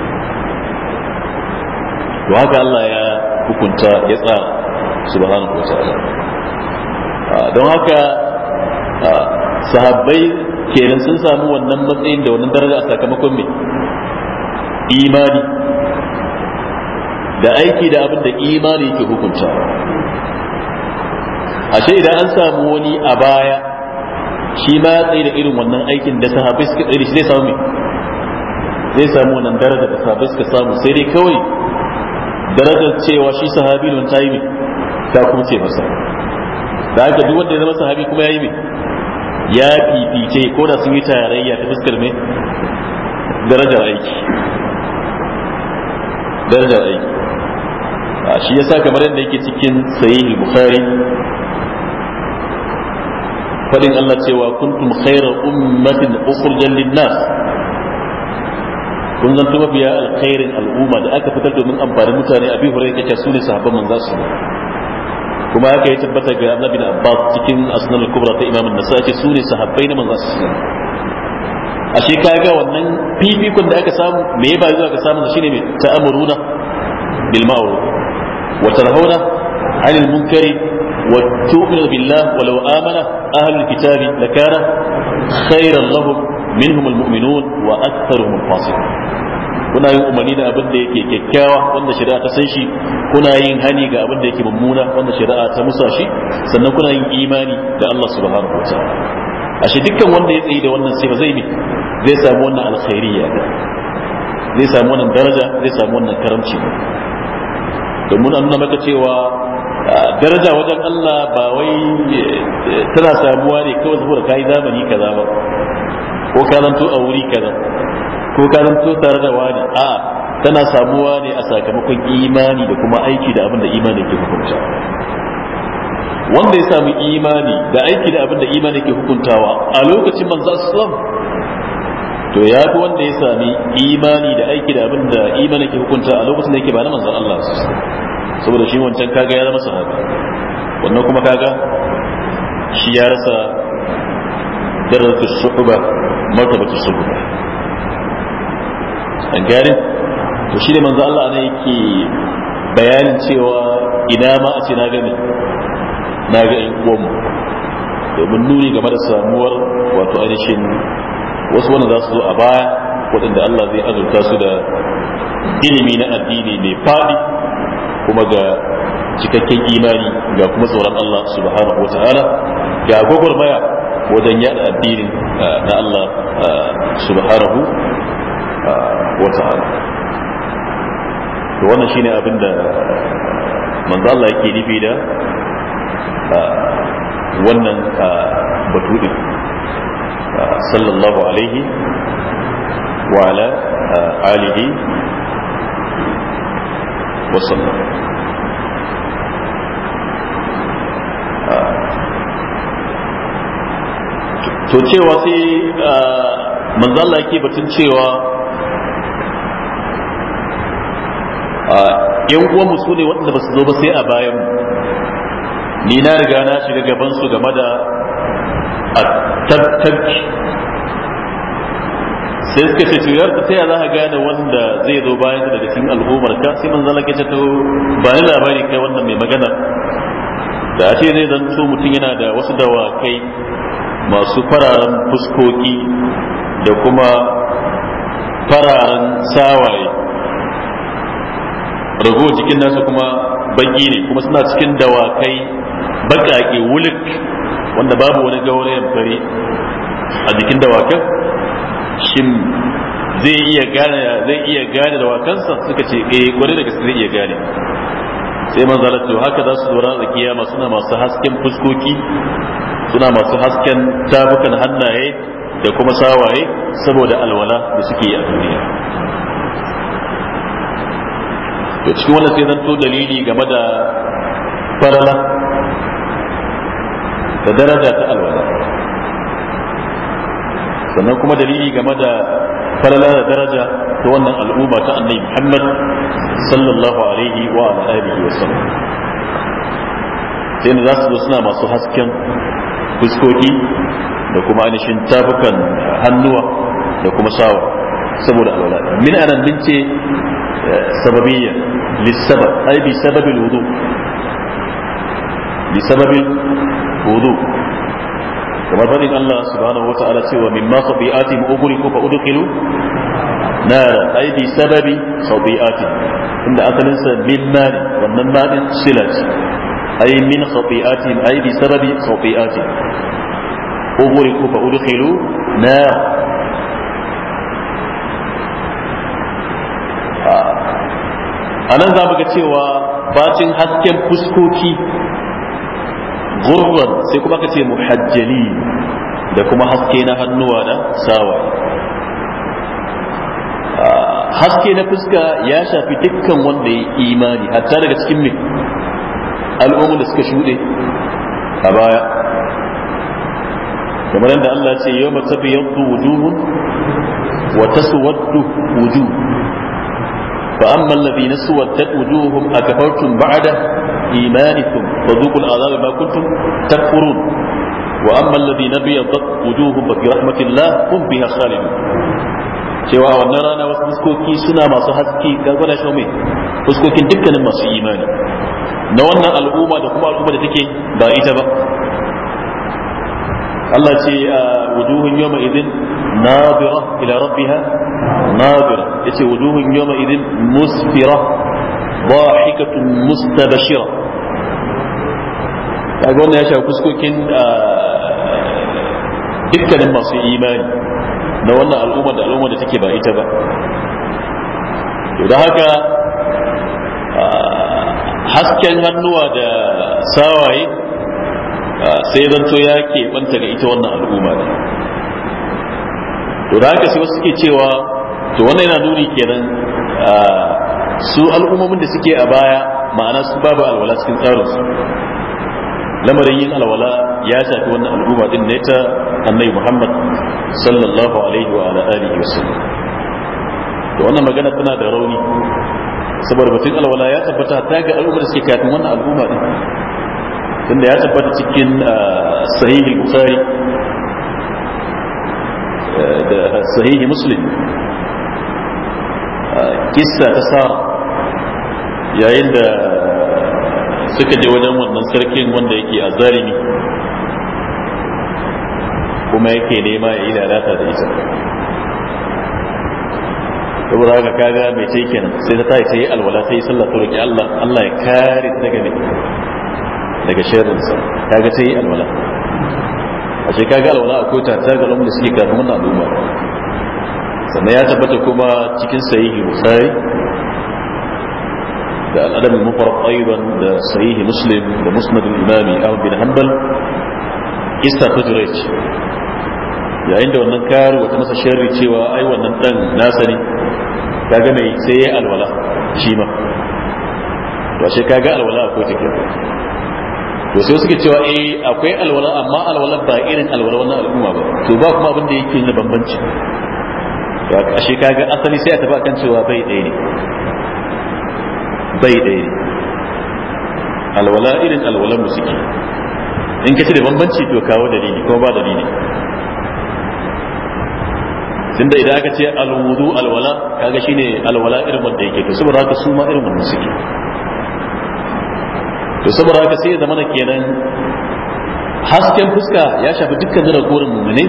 to haka Allah ya hukunta ya tsara subhanahu wa ta'ala don haka sahabbai kenan sun samu wannan matsayin da wannan daraja a sakamakon mai imani da aiki da abin da imani ke hukunta ashe idan an samu wani a baya shi ma ya tsaye da irin wannan aikin da sahabbai suka tsaye da shi zai samu mai? zai samu wannan daraja da sahabbai suka samu sai dai kawai darajar cewa shi sahabi don ta yi mai? ta kuma ce masa da haka duk wanda ya zama sahabi kuma ya yi mai ya fifice ko da sun yi tarayya ta fuskar mai darajar aiki darajar aiki shi yasa kamar yadda yake cikin sahih bukhari fadin Allah cewa kuntum khayra ummatin ukhrijat lin-nas kun zanto mafiya alkhairin al'umma da aka fitar domin amfanin mutane abi hurairah kace su ne sahabban manzo sallallahu kuma haka ya tabbata ga Abdullah bin Abbas cikin Asnan kubra ta Imam an-Nasa'i sune ne sahabbai na manzon sallallahu ashe ka ga wannan fifikon da aka samu me ya ba zuwa ka samu shine me ta'amuruna bil ma'ruf wa tarhauna 'anil munkari wa tu'minu billah wa law amana ahlul kitabi lakana khayran lahum minhum al-mu'minun wa aktharuhum al-fasiqun kuna yin umarni da abin da yake kyakkyawa wanda shari'a ta san shi kuna yin hani ga abin da yake mummuna wanda shari'a ta musa shi sannan kuna yin imani da Allah subhanahu wataala ashe dukkan wanda ya tsaye da wannan sifa zai ne zai samu wannan alkhairiyya zai samu wannan daraja zai samu wannan karamci domin an nuna maka cewa daraja wajen Allah ba wai e, tana samuwa ne kawai zuwa kai zamani kaza ba ko ka a wuri kaza ko ka to tare da wani a tana samuwa ne a sakamakon imani da kuma aiki da abin da imani ke hukunta wanda ya samu imani da aiki da abin da imani ke hukuntawa a lokacin manzo sallam to ya fi wanda ya sami imani da aiki da abin da imani ke hukunta a lokacin da yake ba na manzo Allah saboda shi wancan kaga ya zama sahabi wannan kuma kaga shi ya rasa darajar shuhuba martabatu shuhuba an gane to shi ne manzo Allah ne yake bayanin cewa ina ma a ce na gane na ga in uwanmu domin nuni game da samuwar wato ainihin wasu wanda za su zo a baya waɗanda Allah zai azurta su da ilimi na addini mai faɗi kuma ga cikakken imani ga kuma tsoron Allah subhanahu wa ta'ala ga gwagwarmaya wajen yada addinin ah, na Allah ah, subhanahu wa to wannan shine abin da manzo Allah yake nufi da wannan batu din sallallahu alaihi wa ala alihi wa sallam to cewa sai manzo Allah yake batun cewa yan uwanmu su ne waɗanda ba su zo ba sai a bayan ni na riga na shiga gaban su game da a sai suka ce to yarda ta za ka gane wanda zai zo bayan da daga cikin al'ummar ka sai manzo zala ce to ba ni labari kai wannan mai magana da a ce zai zanto mutum yana da wasu dawakai masu fararen fuskoki da kuma fararen sawaye ragowar jikin nasu kuma baki ne kuma suna cikin dawakai bakake wulik wanda babu wani gaurayen fari a jikin dawakan shin zai iya gane zai iya gane dawakansa suka ce eh da gaske zai iya gane sai man zalatu haka za su dora kiyama suna masu hasken fuskoki suna masu hasken tafukan hannaye da kuma sawaye saboda alwala da suke yi a duniya to cikin wannan sai zanto dalili game da farala da daraja ta alwala sannan kuma dalili game da farala da daraja ta wannan al'umma ta annabi Muhammad sallallahu alaihi wa alihi wa sallam sai za su zo suna masu hasken fuskoki da kuma ainihin tafukan hannuwa da kuma sawa saboda alwala min anan min ce سببية للسبب أي بسبب الوضوء بسبب الوضوء كما فإن الله سبحانه وتعالى سوى مما خطيئاتهم أغلقوا فأدخلوا نارا أي بسبب خطيئاتهم إن أكلنسا من نار ومن نار صلة أي من خطيئات أي بسبب خطيئات أغرقوا فأدخلوا نار a nan za mu ga cewa bacin hasken fuskoki gurban sai kuma ka ce muhajjali da kuma haske na hannuwa da sawaye ah, haske na fuska ya shafi dukkan wanda ya imani hatta daga cikin mai al'ummar da suka shuɗe a baya kamar yadda Allah ce yau matafi yadda wujuhun wa taswaddu wujuh فأما الذين سودت وجوههم أكفرتم بعد إيمانكم فذوقوا العذاب ما كنتم تكفرون وأما الذين ابيضت وجوههم ففي رحمة الله هم بها خالدون cewa wannan rana wasu fuskoki suna masu haske ga shau mai fuskokin dukkanin masu imani na wannan al'umma da kuma al'umma da take ba ita ba Allah ce a wujuhun yawma idin ناظرة إلى ربها ناظرة يسي وجوه يومئذ مسفرة ضاحكة مستبشرة أقول يا شاو كسكو كن آه، دكا لما سي إيمان نوانا الأمة الأمة تكبا إتبا إذا هكا hasken hannuwa da sawaye sai zanto ya ke banta ga ita wannan al'umma ne to da haka sai wasu suke cewa to wannan yana nuni kenan su al'ummomin da suke a baya ma'ana su babu alwala cikin tsarin su lamarin yin alwala ya shafi wannan al'umma din ne ta annabi Muhammad sallallahu alaihi wa ala alihi wasallam to wannan magana tana da rauni saboda batun alwala ya tabbata ta ga al'ummar da suke kafin wannan al'umma din tunda ya tabbata cikin sahihul bukhari da sahihi muslim kissa ta sa yayin da suka je wajen wannan sarkin wanda yake a zalimi kuma yake nema ya yi lalata da ita saboda haka kaga mai ce kenan sai ta tayi sai alwala sai sallah ta roki Allah Allah ya kare daga ne daga sharrinsa kaga sai alwala a ce kaga alwala akwai tattagalon da suke kafin wannan al'umma sannan ya tabbata kuma cikin sahihi bukhari da al'adam al-mufarrad aidan da sahihi muslim da musnad al-imami ahmad bin hanbal kissa ta yayin da wannan karu wata masa sharri cewa ai wannan dan nasa ne kaga mai sai alwala shi ma to ka ga alwala akwai take to sai suke cewa eh akwai alwala amma alwala ba irin alwala wannan al'umma ba to ba kuma abin da yake na bambanci ashe kaga asali sai a tafi akan cewa bai ɗaya ne bai ɗaya ne alwala irin alwalan mu suke in kace da bambanci to kawo dalili ko ba dalili tunda idan aka ce alwudu alwala kaga shine alwala irin wanda yake to saboda haka su ma irin wannan suke to saboda haka sai ya zama kenan hasken fuska ya shafi dukkan zira korin mummune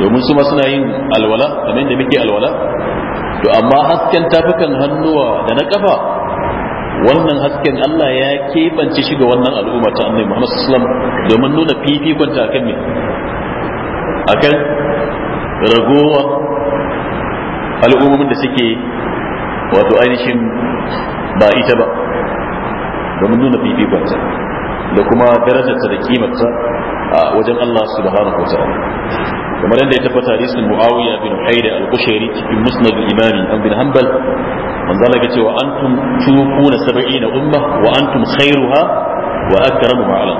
domin su ma suna yin alwala kamar da muke alwala to amma hasken tafukan hannuwa da na kafa wannan hasken Allah ya keɓance shi ga wannan al'umma ta annabi Muhammad sallallahu alaihi wasallam domin nuna fifikon ta akan me akan ragowa al'ummomin da suke wato ainihin ba ita ba domin nuna fifikonta da kuma darajarta da kimarta a wajen Allah subhanahu wa ta'ala kamar yadda ya tabbata hadisin Muawiya bin Haida al-Qushairi cikin Musnad al-Imam Ibn Hanbal manzo Allah ya ce wa antum tuquna sab'ina umma wa antum khairuha wa akramuha ala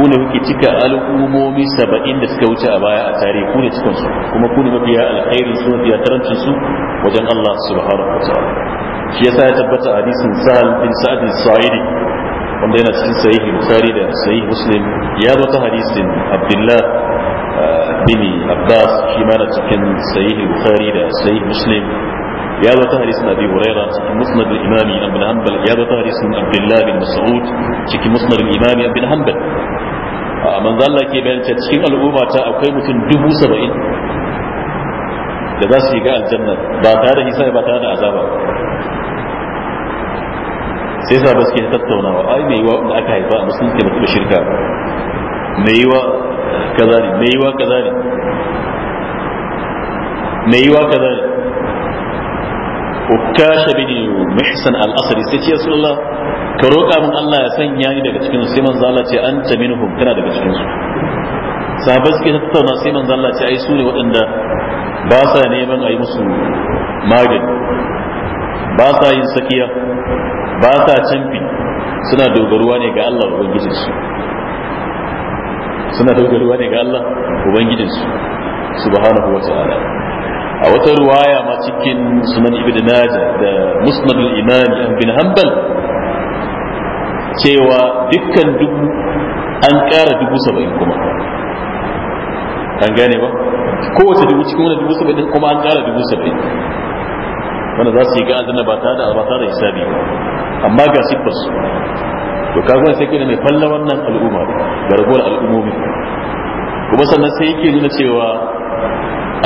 ku ne kuke cika al'ummomi saba'in da suka wuce a baya a tarihi ku ne cikin su kuma ku ne mafiya alkhairin su mafiya karancin su wajen Allah subhanahu wa ta'ala shi yasa ya tabbata hadisin sahal bin sa'ad sa'idi wanda yana cikin sahihi bukhari da sahihi muslim ya zo ta hadisin abdullah ah, bin abbas shi ma na cikin sahihi bukhari da sahihi muslim ya zo ta hadisin abi huraira cikin musnad al-imam ibn hanbal ya zo ta hadisin abdullah bin mas'ud cikin musnad al-imam ibn hanbal ah, manzo Allah ke cewa cikin al'umma ta akwai mutum dubu saba'in da za su shiga aljanna ba tare da hisabi ba tare da azaba sai sa ba suke tattaunawa ai mai yiwa da aka haifa a musulunci ba shirka mai yiwa kaza ne mai yiwa kaza ne mai yiwa kaza ne ukasha bin muhsan al-asri sai ce rasulullah ka roƙa min Allah ya sanya ni daga cikin sai manzo Allah ce anta minhum kana daga cikin su sahabbai suke tattauna sai manzo Allah ce ai su ne waɗanda ba sa neman a yi musu magani ba sa yin sakiya ba sa canfi suna dogaruwa ne ga Allah ubangijinsu suna dogaruwa ne ga Allah ubangijinsu subhanahu wa ta'ala a wata ruwaya ma cikin sunan ibn naja da musnad al-imam ibn hanbal cewa dukkan dubu an ƙara dubu saba'in kuma an gane ba kowace dubu cikin wani dubu saba'in kuma an ƙara dubu saba'in wanda za su yi ga ba da ba tare da hisabi ba amma ga siffar su to kaga sai kai mai falla wannan al'umma da rabuwar al'ummomi kuma sannan sai yake nuna cewa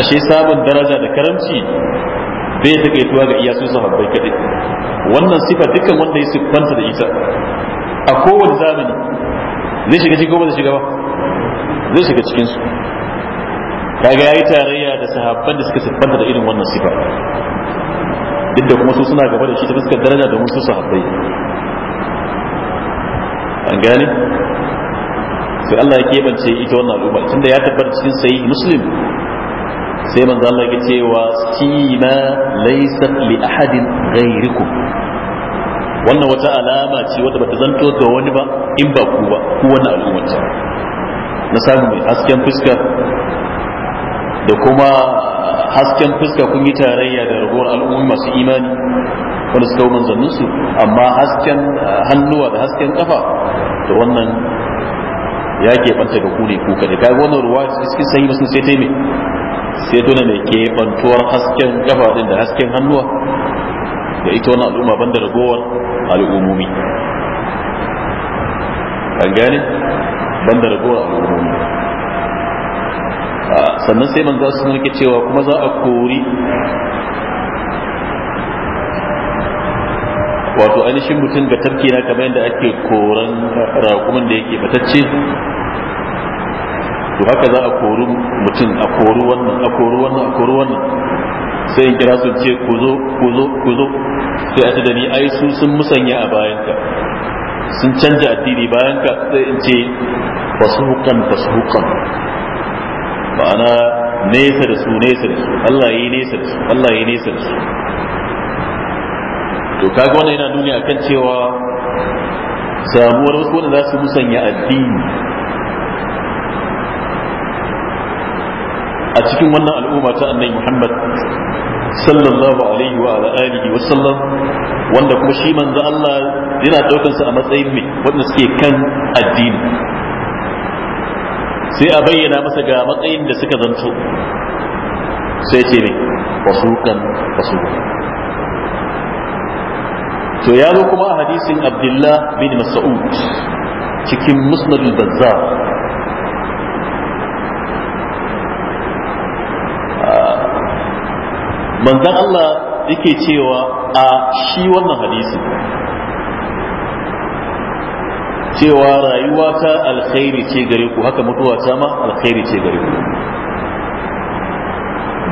ashe sabon daraja da karamci bai ta tuwa ga iyasu sahabbai kadai wannan sifa dukkan wanda ya siffanta da ita a kowane zamani zai shiga cikin ba shiga ba zai shiga cikin su kaga yayi tarayya da sahabban da suka siffanta da irin wannan sifa duk da kuma su suna gaba da shi ta fuskar daraja domin su sahabbai an gane sai Allah ya kebance ita wannan al'umma tunda ya tabbata cikin sayi muslim sai manzo Allah ya cewa wa sima laysa li ahadin ghayrikum wannan wata alama ce wata bata zanto ga wani ba in ba ku ba ku wannan al'umma na samu mai hasken fuska da kuma hasken fuska kun yi tarayya da ragowar al'ummi masu imani wanda suka manzannin su amma hasken ah, hannuwa da hasken kafa da wannan ya keɓanta ga kune ku da kaga wannan ruwa cikin sanyi masu sai taimi sai tuna mai keɓantuwar hasken kafa din da hasken hannuwa da ita wannan al'umma da ragowar al'umumi an gane da ragowar al'umumi sannan sai manzo sun rike cewa kuma za a kori wato ainihin mutum ga tarki na kamar yadda ake koran raƙumin da yake batacce to haka za a kori mutum a kori wannan a kori wannan a kori wannan sai in kira su ce ku zo ku zo ku zo sai a ce da ni ai su sun musanya a bayanka sun canja addini bayanka sai in ce fasuhukan fasuhukan ma'ana nesa da su nesa da su Allah yi nesa da su Allah yi nesa da su to kaga wannan yana nuni akan cewa samuwar wasu wanda za su musanya addini a cikin wannan al'umma ta annabi Muhammad sallallahu alaihi wa alihi wa sallam wanda kuma shi manzo Allah yana daukar sa a matsayin mai wanda suke kan addini sai a bayyana masa ga matsayin da suka zanto sai ce ne wasuƙan wasuƙan to ya zo kuma a hadisin abdullah bin mas'ud cikin musnad al-bazzar ah, manzan Allah yake cewa a shi wannan hadisin cewa rayuwa ta alkhairi ce gare ku haka mutuwa ta ma alkhairi ce gare ku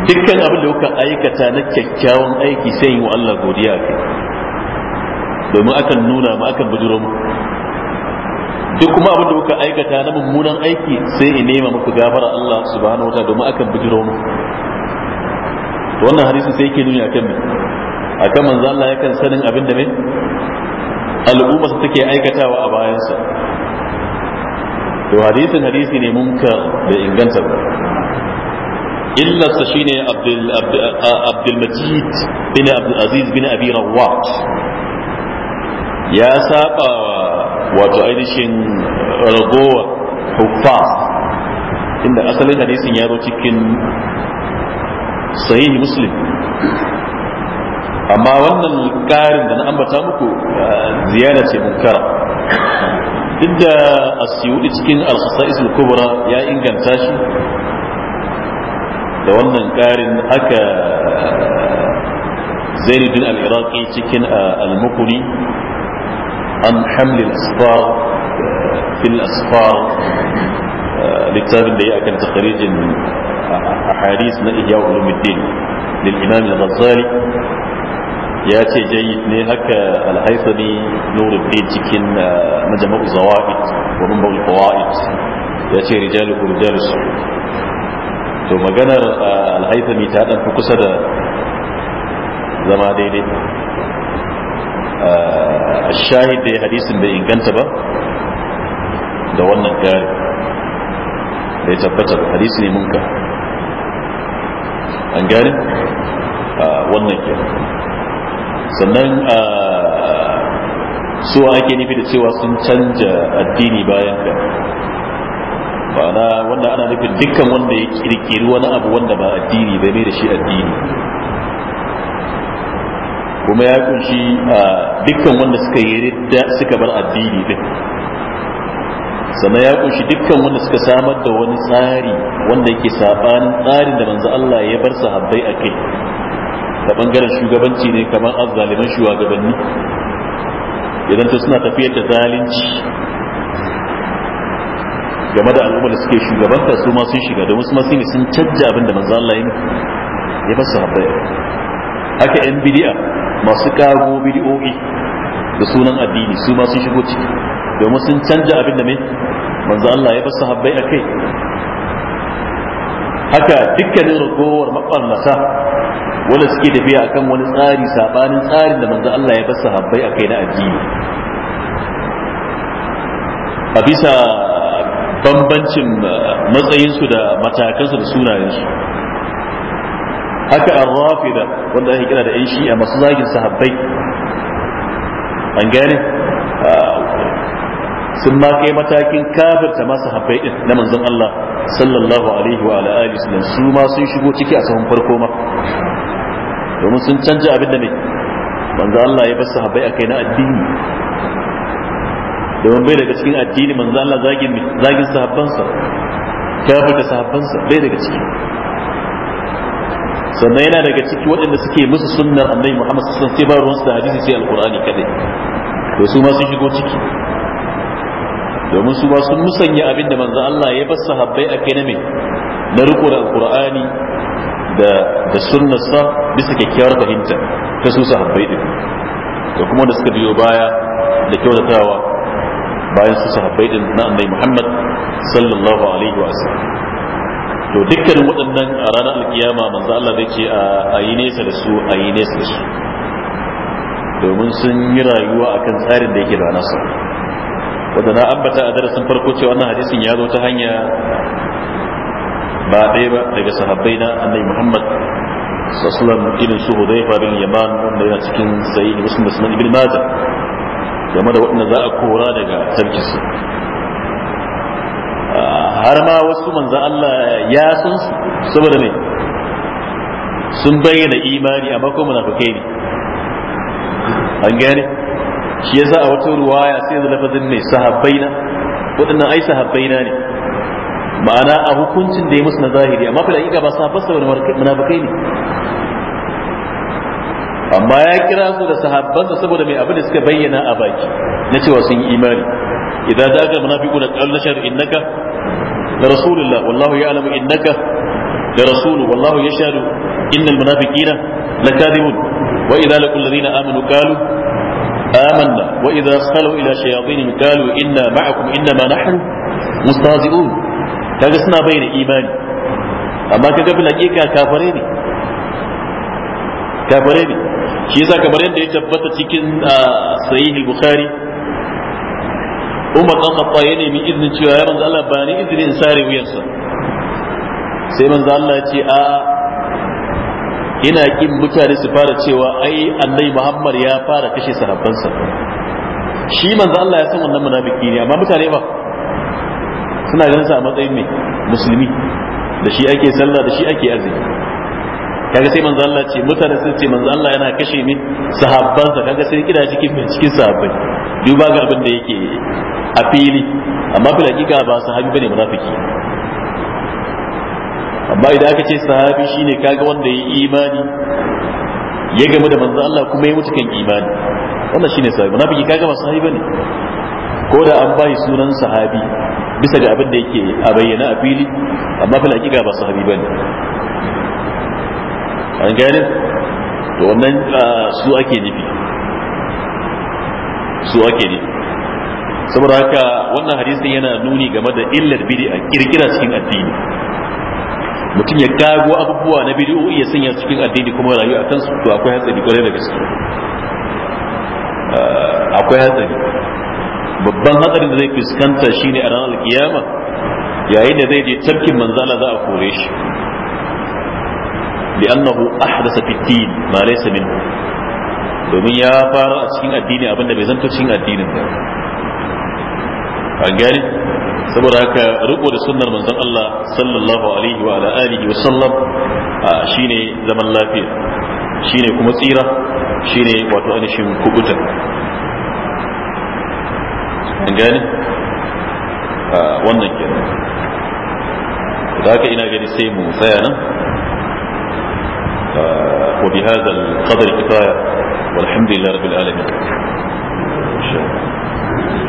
dukkan abin da kuka aikata na kyakkyawan aiki sai yi wa Allah godiya kai domin akan nuna ma akan bujuro mu duk kuma abin da kuka aikata na mummunan aiki sai in nema muku gafara Allah subhanahu wata domin akan bujuro mu wannan hadisi sai yake nuni akan me akan manzo Allah yakan sanin abin da me al'umma su take aikatawa a bayansa to hadisin hadisi ne munkar da inganta ba illarsa shine abdulmajid bin abdulaziz bin abi rawat ya saba wato ainihin ragowa Huffa inda asalin hadisin ya zo cikin sahihi muslim amma wannan karin da na ambata muku ziyara ce munkara duk da asiyudi cikin al-khasa'is kubra ya inganta shi da wannan karin aka haka zainuddin al-iraqi cikin al-mukuni an hamlin asfar fil asfar littafin da ya akan takarijin a haris na ihya ulumuddin lil imam al-ghazali ya ce jayyid ne haka alhaisani nuruddin cikin uh, majama'u zawa'id wa mabul fawaid ya ce rijalu su. to maganar uh, alhaisani ta ɗan fi kusa da zama daidai uh, a shahid da ya hadisin bai inganta ba da wannan gari bai tabbatar ba hadisi ne munka an gane wannan kenan sannan ah, suwa ake nufi da cewa sun canja addini bayan da ba wanda ana nufin dukkan wanda ya kirkiri wani abu wanda ba addini bai mai da shi addini kuma ya kunshi ah, dukkan wanda suka yi ridda suka bar addini din sannan ya kunshi dukkan wanda suka samar da wani tsari wanda yake sabanin tsarin da manzo Allah ya bar sahabbai a kai ta bangaren shugabanci ne kamar azzaliman shugabanni idan ta suna tafiyar da zalunci game da al'ummar da suke shugabanta su ma sun shiga domin su ma sun sun canja abin da manzo ya basu habbai haka yan bidi'a masu karo bidi'o'i da sunan addini su ma sun shigo ciki domin sun canja abin da mai manzo Allah ya fasa habbai akai haka dukkanin ragowar maɓallata wanda suke tafiya akan wani tsari sabanin tsarin da manzo Allah ya bar sahabbai kai na addini a bisa bambancin uh, matsayinsu da matakansu da sunayensu haka an da wanda ake kira da yan shi'a masu zagin sahabbai an gane uh, sun ma kai matakin kafirta masu habbai din na manzon Allah sallallahu alaihi wa alihi su ma sun shigo ciki a sahun farko ma domin sun canja abin da ne manzo Allah ya basu habai kai na addini domin bai daga cikin addini manzo Allah zagin zagin sahabbansa kafirta sahabbansa bai daga ciki sannan yana daga ciki waɗanda suke musu sunnar annabi Muhammad sallallahu alaihi wasallam sai ba ruwansu da hadisi sai alqur'ani kadai to su ma sun shigo ciki domin su ba sun musanya abin da manzo Allah ya fassa sahabbai a kai na me na riko da da da sunnarsa bisa kyakkyawar fahimta ta su sahabbai din da kuma da suka biyo baya da kyautatawa bayan su sahabbai din na annabi Muhammad sallallahu alaihi wa sallam to dukkanin waɗannan a ranar alkiyama manzan Allah zai ce a yi nesa da su a yi nesa da su domin sun yi rayuwa akan tsarin da yake da nasa wanda na ambata a darasin farko cewa wannan hadisin ya zo ta hanya ba ɗaya ba daga sahabbai na annabi Muhammad sallallahu irin su Hudaifa bin Yaman wanda yana cikin sahihi Muslim Muslim ibn Majah game da waɗanda za a kora daga tarkinsu ah, har ma wasu manzan Allah ya sun saboda me sun bayyana imani amma ko munafikai ne an gane shi yasa a wata ruwaya sai da lafazin mai sahabbaina waɗannan ai sahabbaina ne ma'ana a hukuncin da ya musu na zahiri amma fil hakika ba sahabbai saboda munafikai ne amma ya kira su da sahabbansa saboda mai abin da suka bayyana a baki na cewa sun yi imani idan da aka munafiku na kallon shar innaka da rasulullah wallahu ya alamu innaka da rasulu wallahu ya shaɗu innal munafiqina lakadibun wa idan laqul ladina amanu qalu آمنا وإذا خلوا إلى شياطين قالوا إنا معكم إنما نحن مستهزئون kaga suna bayyana imani amma kaga bil hakika kafare ne kafare ne kamar yadda ya tabbata cikin sahih al Umar dan Khattab ya izinin cewa ya manzo Allah ba ni izinin in sare wuyansa sai manzo Allah ya ce a'a ina kin mutane su fara cewa ai annabi Muhammad ya fara kashe sahabbansa shi manzo Allah ya san wannan munafiki ne amma mutane ba suna ganin sa a matsayin ne musulmi da shi ake sallah da shi ake azumi kaga sai manzo Allah ce mutane sun ce manzo Allah yana kashe ne sahabbansa kaga sai kira cikin cikin sahabbai duba ga abin da yake a fili amma fil hakika ba sahabi bane munafiki amma idan aka ce sahabi shine kaga wanda ya imani ya game da manzo Allah kuma ya mutukan imani wannan shine sahabi munafiki kaga ba sahabi bane ko da an bai sunan sahabi bisa ga abin da yake a bayyana a fili amma fil hakika ba sahabi bane an gane to wannan su ake nufi su ake nufi saboda haka wannan hadisin yana nuni game da illar bid'a kirkira cikin addini mutum ya gago abubuwa na bidiyoyi ya sanya cikin addini kuma rayuwa kan su to akwai hatsari kwarai da gaske akwai hatsari babban hatsarin da zai fuskanta shine a ranar kiyama yayin da zai je tarkin manzala za a kore shi bi annahu ahdasa fitin ma laysa min domin ya fara a cikin addini abinda bai zanto cikin addinin ba an gane saboda haka riko da sunnar manzon Allah sallallahu alaihi wa ala alihi wa sallam shine zaman lafiya shine kuma tsira shine wato anishin kubutan gani wannan kenan da haka ina gani sai mu tsaya nan wa bi القدر al والحمد لله رب العالمين. إن شاء الله.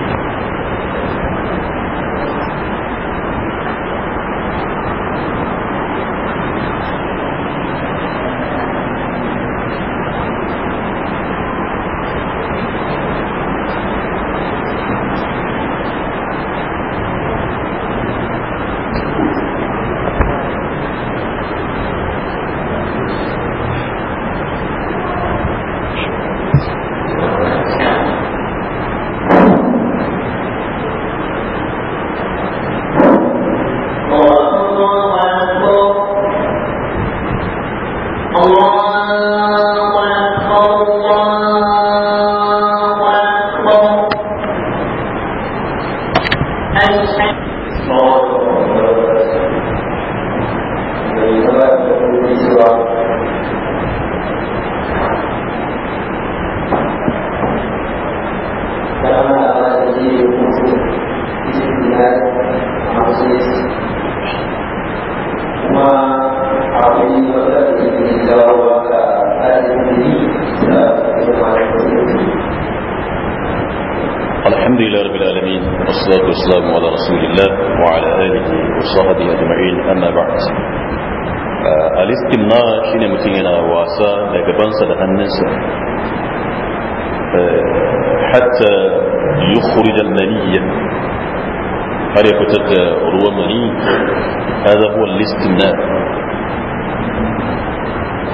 har ya fitar da ruwan mani هذا هو الاستمناء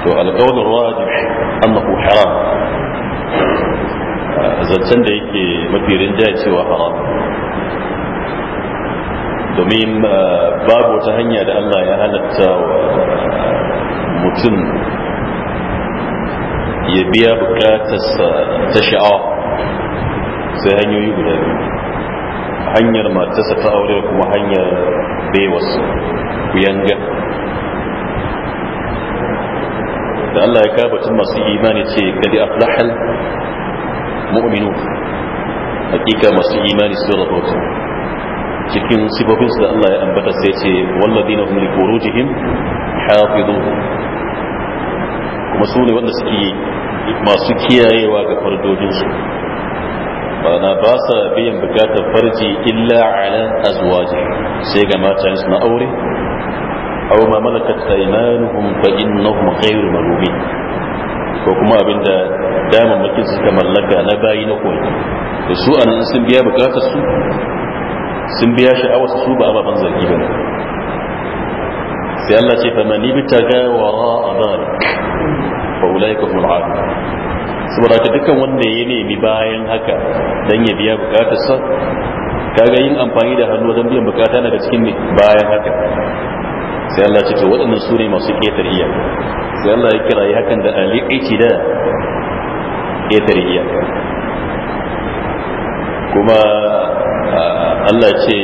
والقول الراجح أنه حرام zancen da yake mafi rinjaya cewa haram domin babu ta hanya da allah ya halatta wa mutum ya biya bukatarsa ta sha'awa sai hanyoyi guda biyu hanyar matasa ta aure kuma hanyar ku yanga da Allah ya kabatun masu imani ce kadi aflahal mu'minu hakika masu imani sun rahoto cikin sifofinsu da Allah ya ambata sai ce walladina hum likurujihim hafizu kuma su ne wanda suke masu kiyayewa ga fardojinsu ma'ana ba sa biyan bukatar farji illa ala azwaji sai ga mata su na aure aw ma malakat aymanuhum fa innahum ghayru malumin ko kuma abinda dama mutum suka mallaka na bayi na koyi to su anan sun biya bukatar su sun biya sha'awar su ba ababan zargi bane sai Allah ce fa man ibtaga wara'a dhalik fa ulaika hum al saboda ka dukkan wanda ya nemi bayan haka dan ya biya bukatarsa kaga yin amfani da hannu wajen biyan bukata daga cikin bayan haka sai Allah ce waɗannan su ne masu ƙetar iya sai Allah ya kira yi hakan da alikaici da ƙetar iya kuma ah, Allah ce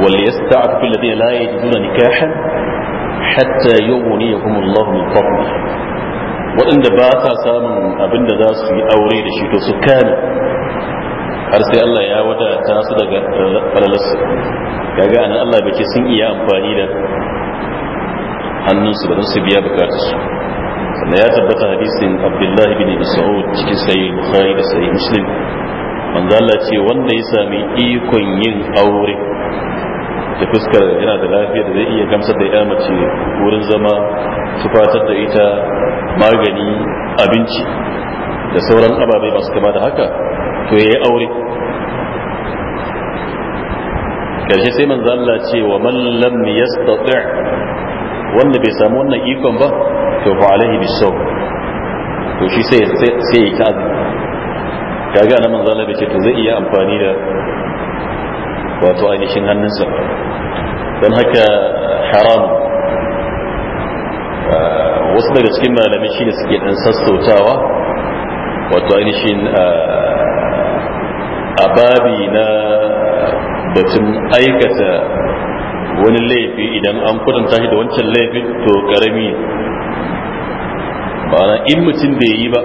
wal yasta'fu alladhina la yajiduna nikahan hatta yughniyahum Allahu min fadlihi waɗanda ba sa samun abin da za su yi aure da shi to su kame har sai Allah ya wadata su daga falalarsu kaga anan Allah bai ce sun iya amfani da hannunsu ba don su biya bukatarsu sannan ya tabbata hadisin abdullahi bin mas'ud cikin sayi bukhari da sayi muslim manzo Allah ce wanda ya sami ikon yin aure da fuskar yana da lafiya da zai iya gamsar da ya mace wurin zama tufatar da ita magani abinci da sauran ababai masu kama da haka to ya yi aure karshe sai man zalla ce wa man ya wanda bai samu wannan ikon ba to ba alaihi bisaw to shi sai sai ya kaza kaga nan man zalla bai ce to zai iya amfani da wato ainihin hannunsa don haka haram ah, wasu daga cikin malamai ne suke dan sassautawa wato ainihin ah, a babi na batun aikata wani laifi idan an kudanta shi da wancan laifin to karami ba in mutum bai yi ba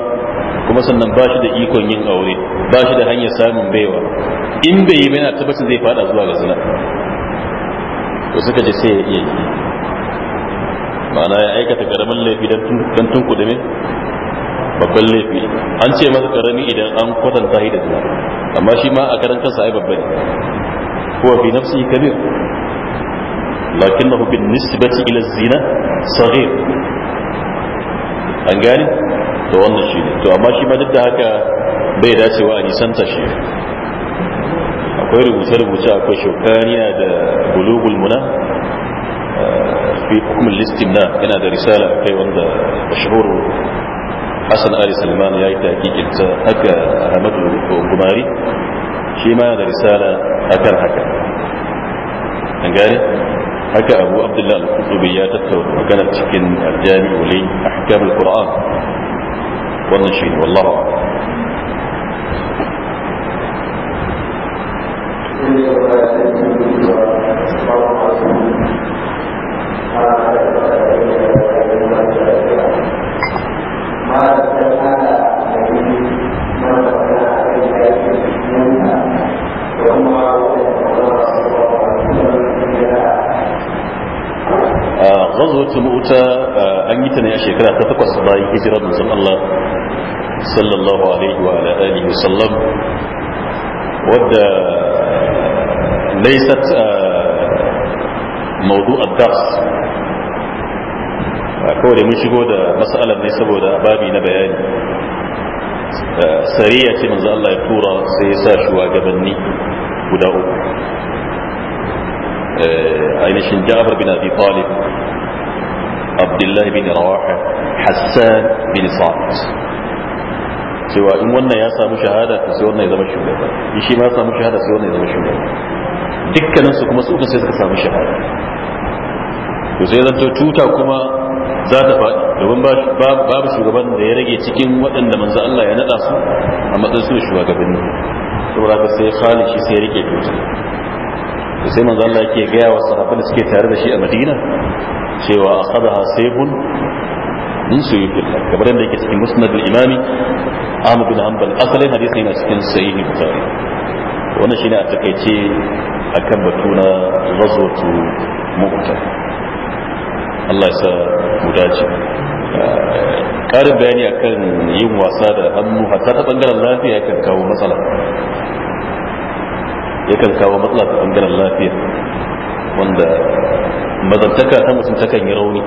kuma sannan ba shi da ikon yin aure ba shi da hanyar samun baiwa in bai yi ba yana tabbatar zai fada zuwa ga zina da suka ji sai ya iya yi ma'ana ya aikata karamin laifi don tunku da me babban laifi an ce masa karami idan an kwatanta shi da zina amma shi ma a karan kansa ai babba ne huwa fi nafsihi kabir lakinnahu bin nisbati ila zina saghir an gani to wannan shi ne to amma shi ma duk da haka bai dacewa a nisanta shi akwai rubuce-rubuce akwai shukaniya da bulugul muna fi hukumar listin na yana da risala a kai wanda mashahuru hassan ali salman ya yi takikin ta haka ahmad gumari shi ma da risala akan haka an gane haka abu abdullahi al-kutubi ya tattauna maganar cikin aljami'u li ahkam al-qur'an wannan shi ne wallahi shekara ta takwas bayan hijirar manzon Allah sallallahu alaihi wa alihi wasallam wadda ليست آه، موضوع الدرس كوري من شقودة مسألة من سبودة بابي نبيان آه، سريعة من زال الله يكتورة سيسا شوى قبلني ودعو عين آه، جابر بن أبي طالب عبد الله بن رواحة حسان بن صالح cewa in wannan ya samu shahada to sai wannan ya zama shugaba in shi ma samu shahada sai wannan ya zama shugaba dukkanin su kuma su sai suka samu shahada to sai zanto tuta kuma za ta faɗi domin babu shugaban da ya rage cikin waɗanda manzo Allah ya naɗa su a matsayin su shugabanni saboda ka sai Khalid shi sai rike tuta to sai manzo Allah yake ga wa sahabban da suke tare da shi a Madina cewa akhadaha sayfun min shuyukillah kamar yadda yake cikin musnad al-imami Ahmad bin Hanbal asalin hadisi yana cikin sahih Bukhari wannan shine a takeice akan batu na ghazwatu mu'tah Allah ya sa mu dace ah, karin bayani akan yin wasa da hannu hatta ta bangaren lafiya yakan kawo matsala yakan kawo matsala ta bangaren lafiya wanda mazantaka ta mutum takan yi rauni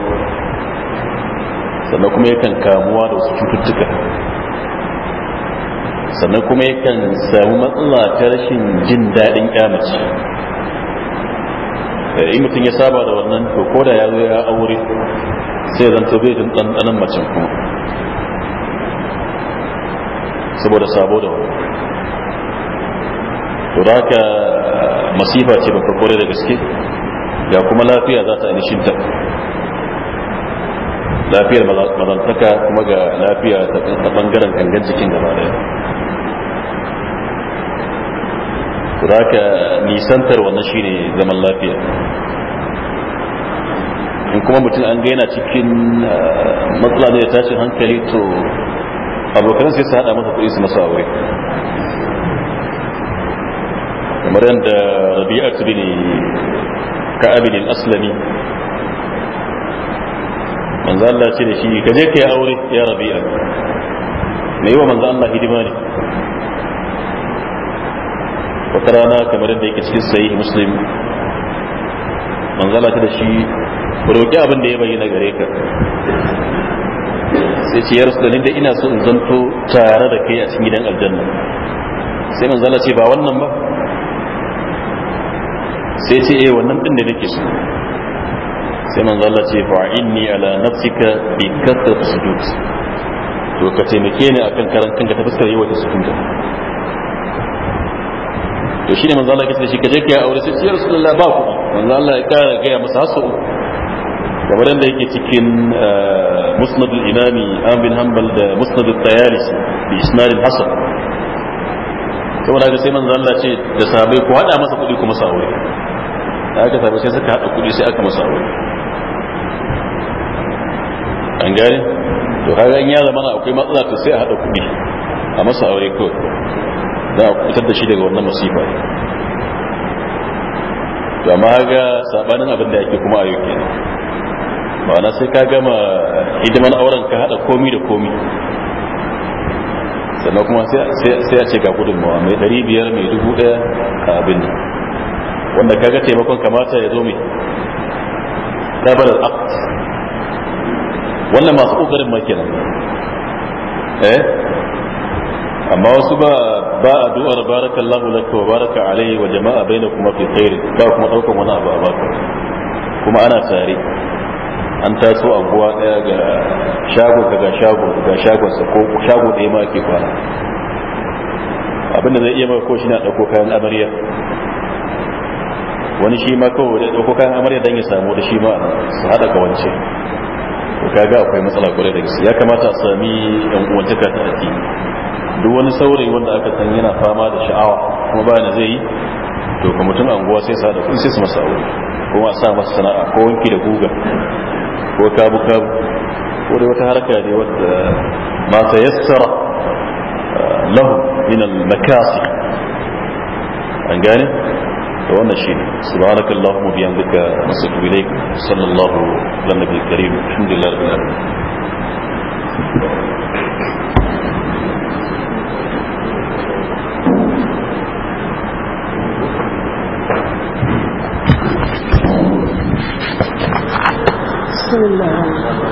sannan kuma yakan kamuwa da wasu cututtuka sannan kuma yakan samu matsala ta rashin jin daɗin ƙyamace eh, in mutum ya saba da wannan to ko da ya zo ya aure sai zan to bai jin ɗanɗanan macen kuma saboda sabo da wani to da haka masifa ce ba kwarai da gaske ga kuma lafiya za ta ainihin ta lafiyar mazantaka kuma ga lafiya ta bangaren gangan jikin gaba daya za ka nisantar wannan shine zaman lafiya in kuma mutum an gaina cikin ah, matsala da da tashi hankali to abokan sai su hada masa kuɗi su masa aure kamar yadda rabi'atu bin ka'ab bin aslami manzo Allah ce da shi ka je ka yi aure ya rabi'a me yi wa manzo Allah hidima ne wata rana kamar yadda yake cikin sahih muslim manzo Allah ce da shi roƙi abin da ya bayyana gare ka sai ce ya rasu da ina so in zanto tare da kai a cikin gidan aljanna sai manzo Allah ce ba wannan ba sai ce eh wannan din da nake so sai man Allah ce inni ala nafsika bi kathrat sujud to ka taimake ni akan karan kanka ta fuskar yawa ta sujud to shine man Allah kace shi kaje kai aure sai ya rasulullah ba ku manzo Allah ya kara gaya masa hasu kamar yadda yake cikin eh, musnad al-imami an bin hanbal da musnad al-tayalisi bi isnad al-hasan saboda ga sai man Allah ce da sahabbai ku hada masa kudi kuma sa aure da aka sahabbai sai suka haɗa kudi sai aka masa aure an gane to kaga in ya zama na akwai matsala ta sai a hada kuɗi a masa aure ko za a fitar da shi daga wannan masifa to amma kaga sabanin abin da yake kuma a yau kenan ma'ana sai ka gama hidiman auren ka hada komi da komi sannan kuma sai a ce ga gudunmawa mai 500 mai 1000 a abin wanda kaga taimakon kamata ya zo mai jabal al-aqd wannan masu kokarin ma kenan eh amma wasu ba ba addu'ar barakallahu laka wa baraka alayhi wa jama'a bainakuma fi khair ba kuma daukan wani abu a baka kuma ana tare an taso anguwa daya ga shago ka ga shago ga shago sa ko shago ɗaya ma ke kwana abinda zai iya maka ko shi na ɗauko kayan amarya wani shi ma kawai da ɗauko kayan amarya don ya samu da shi ma su haɗa kawance to kaga akwai matsala kwarai da gaske ya kamata a sami yan uwantaka ta addini duk wani saurayi wanda aka san yana fama da sha'awa kuma ba na zai yi to kuma mutum anguwa sai sa da kun sai su masa aure ko ma sa masa sana'a ko wanki da guga ko kabu kabu ko dai wata harka ne wadda ma ta yassara eh, lahu min al-makasi an gane ونشي سبحانك اللهم وبحمدك نصف إليك صلى الله على النبي الكريم الحمد لله رب العالمين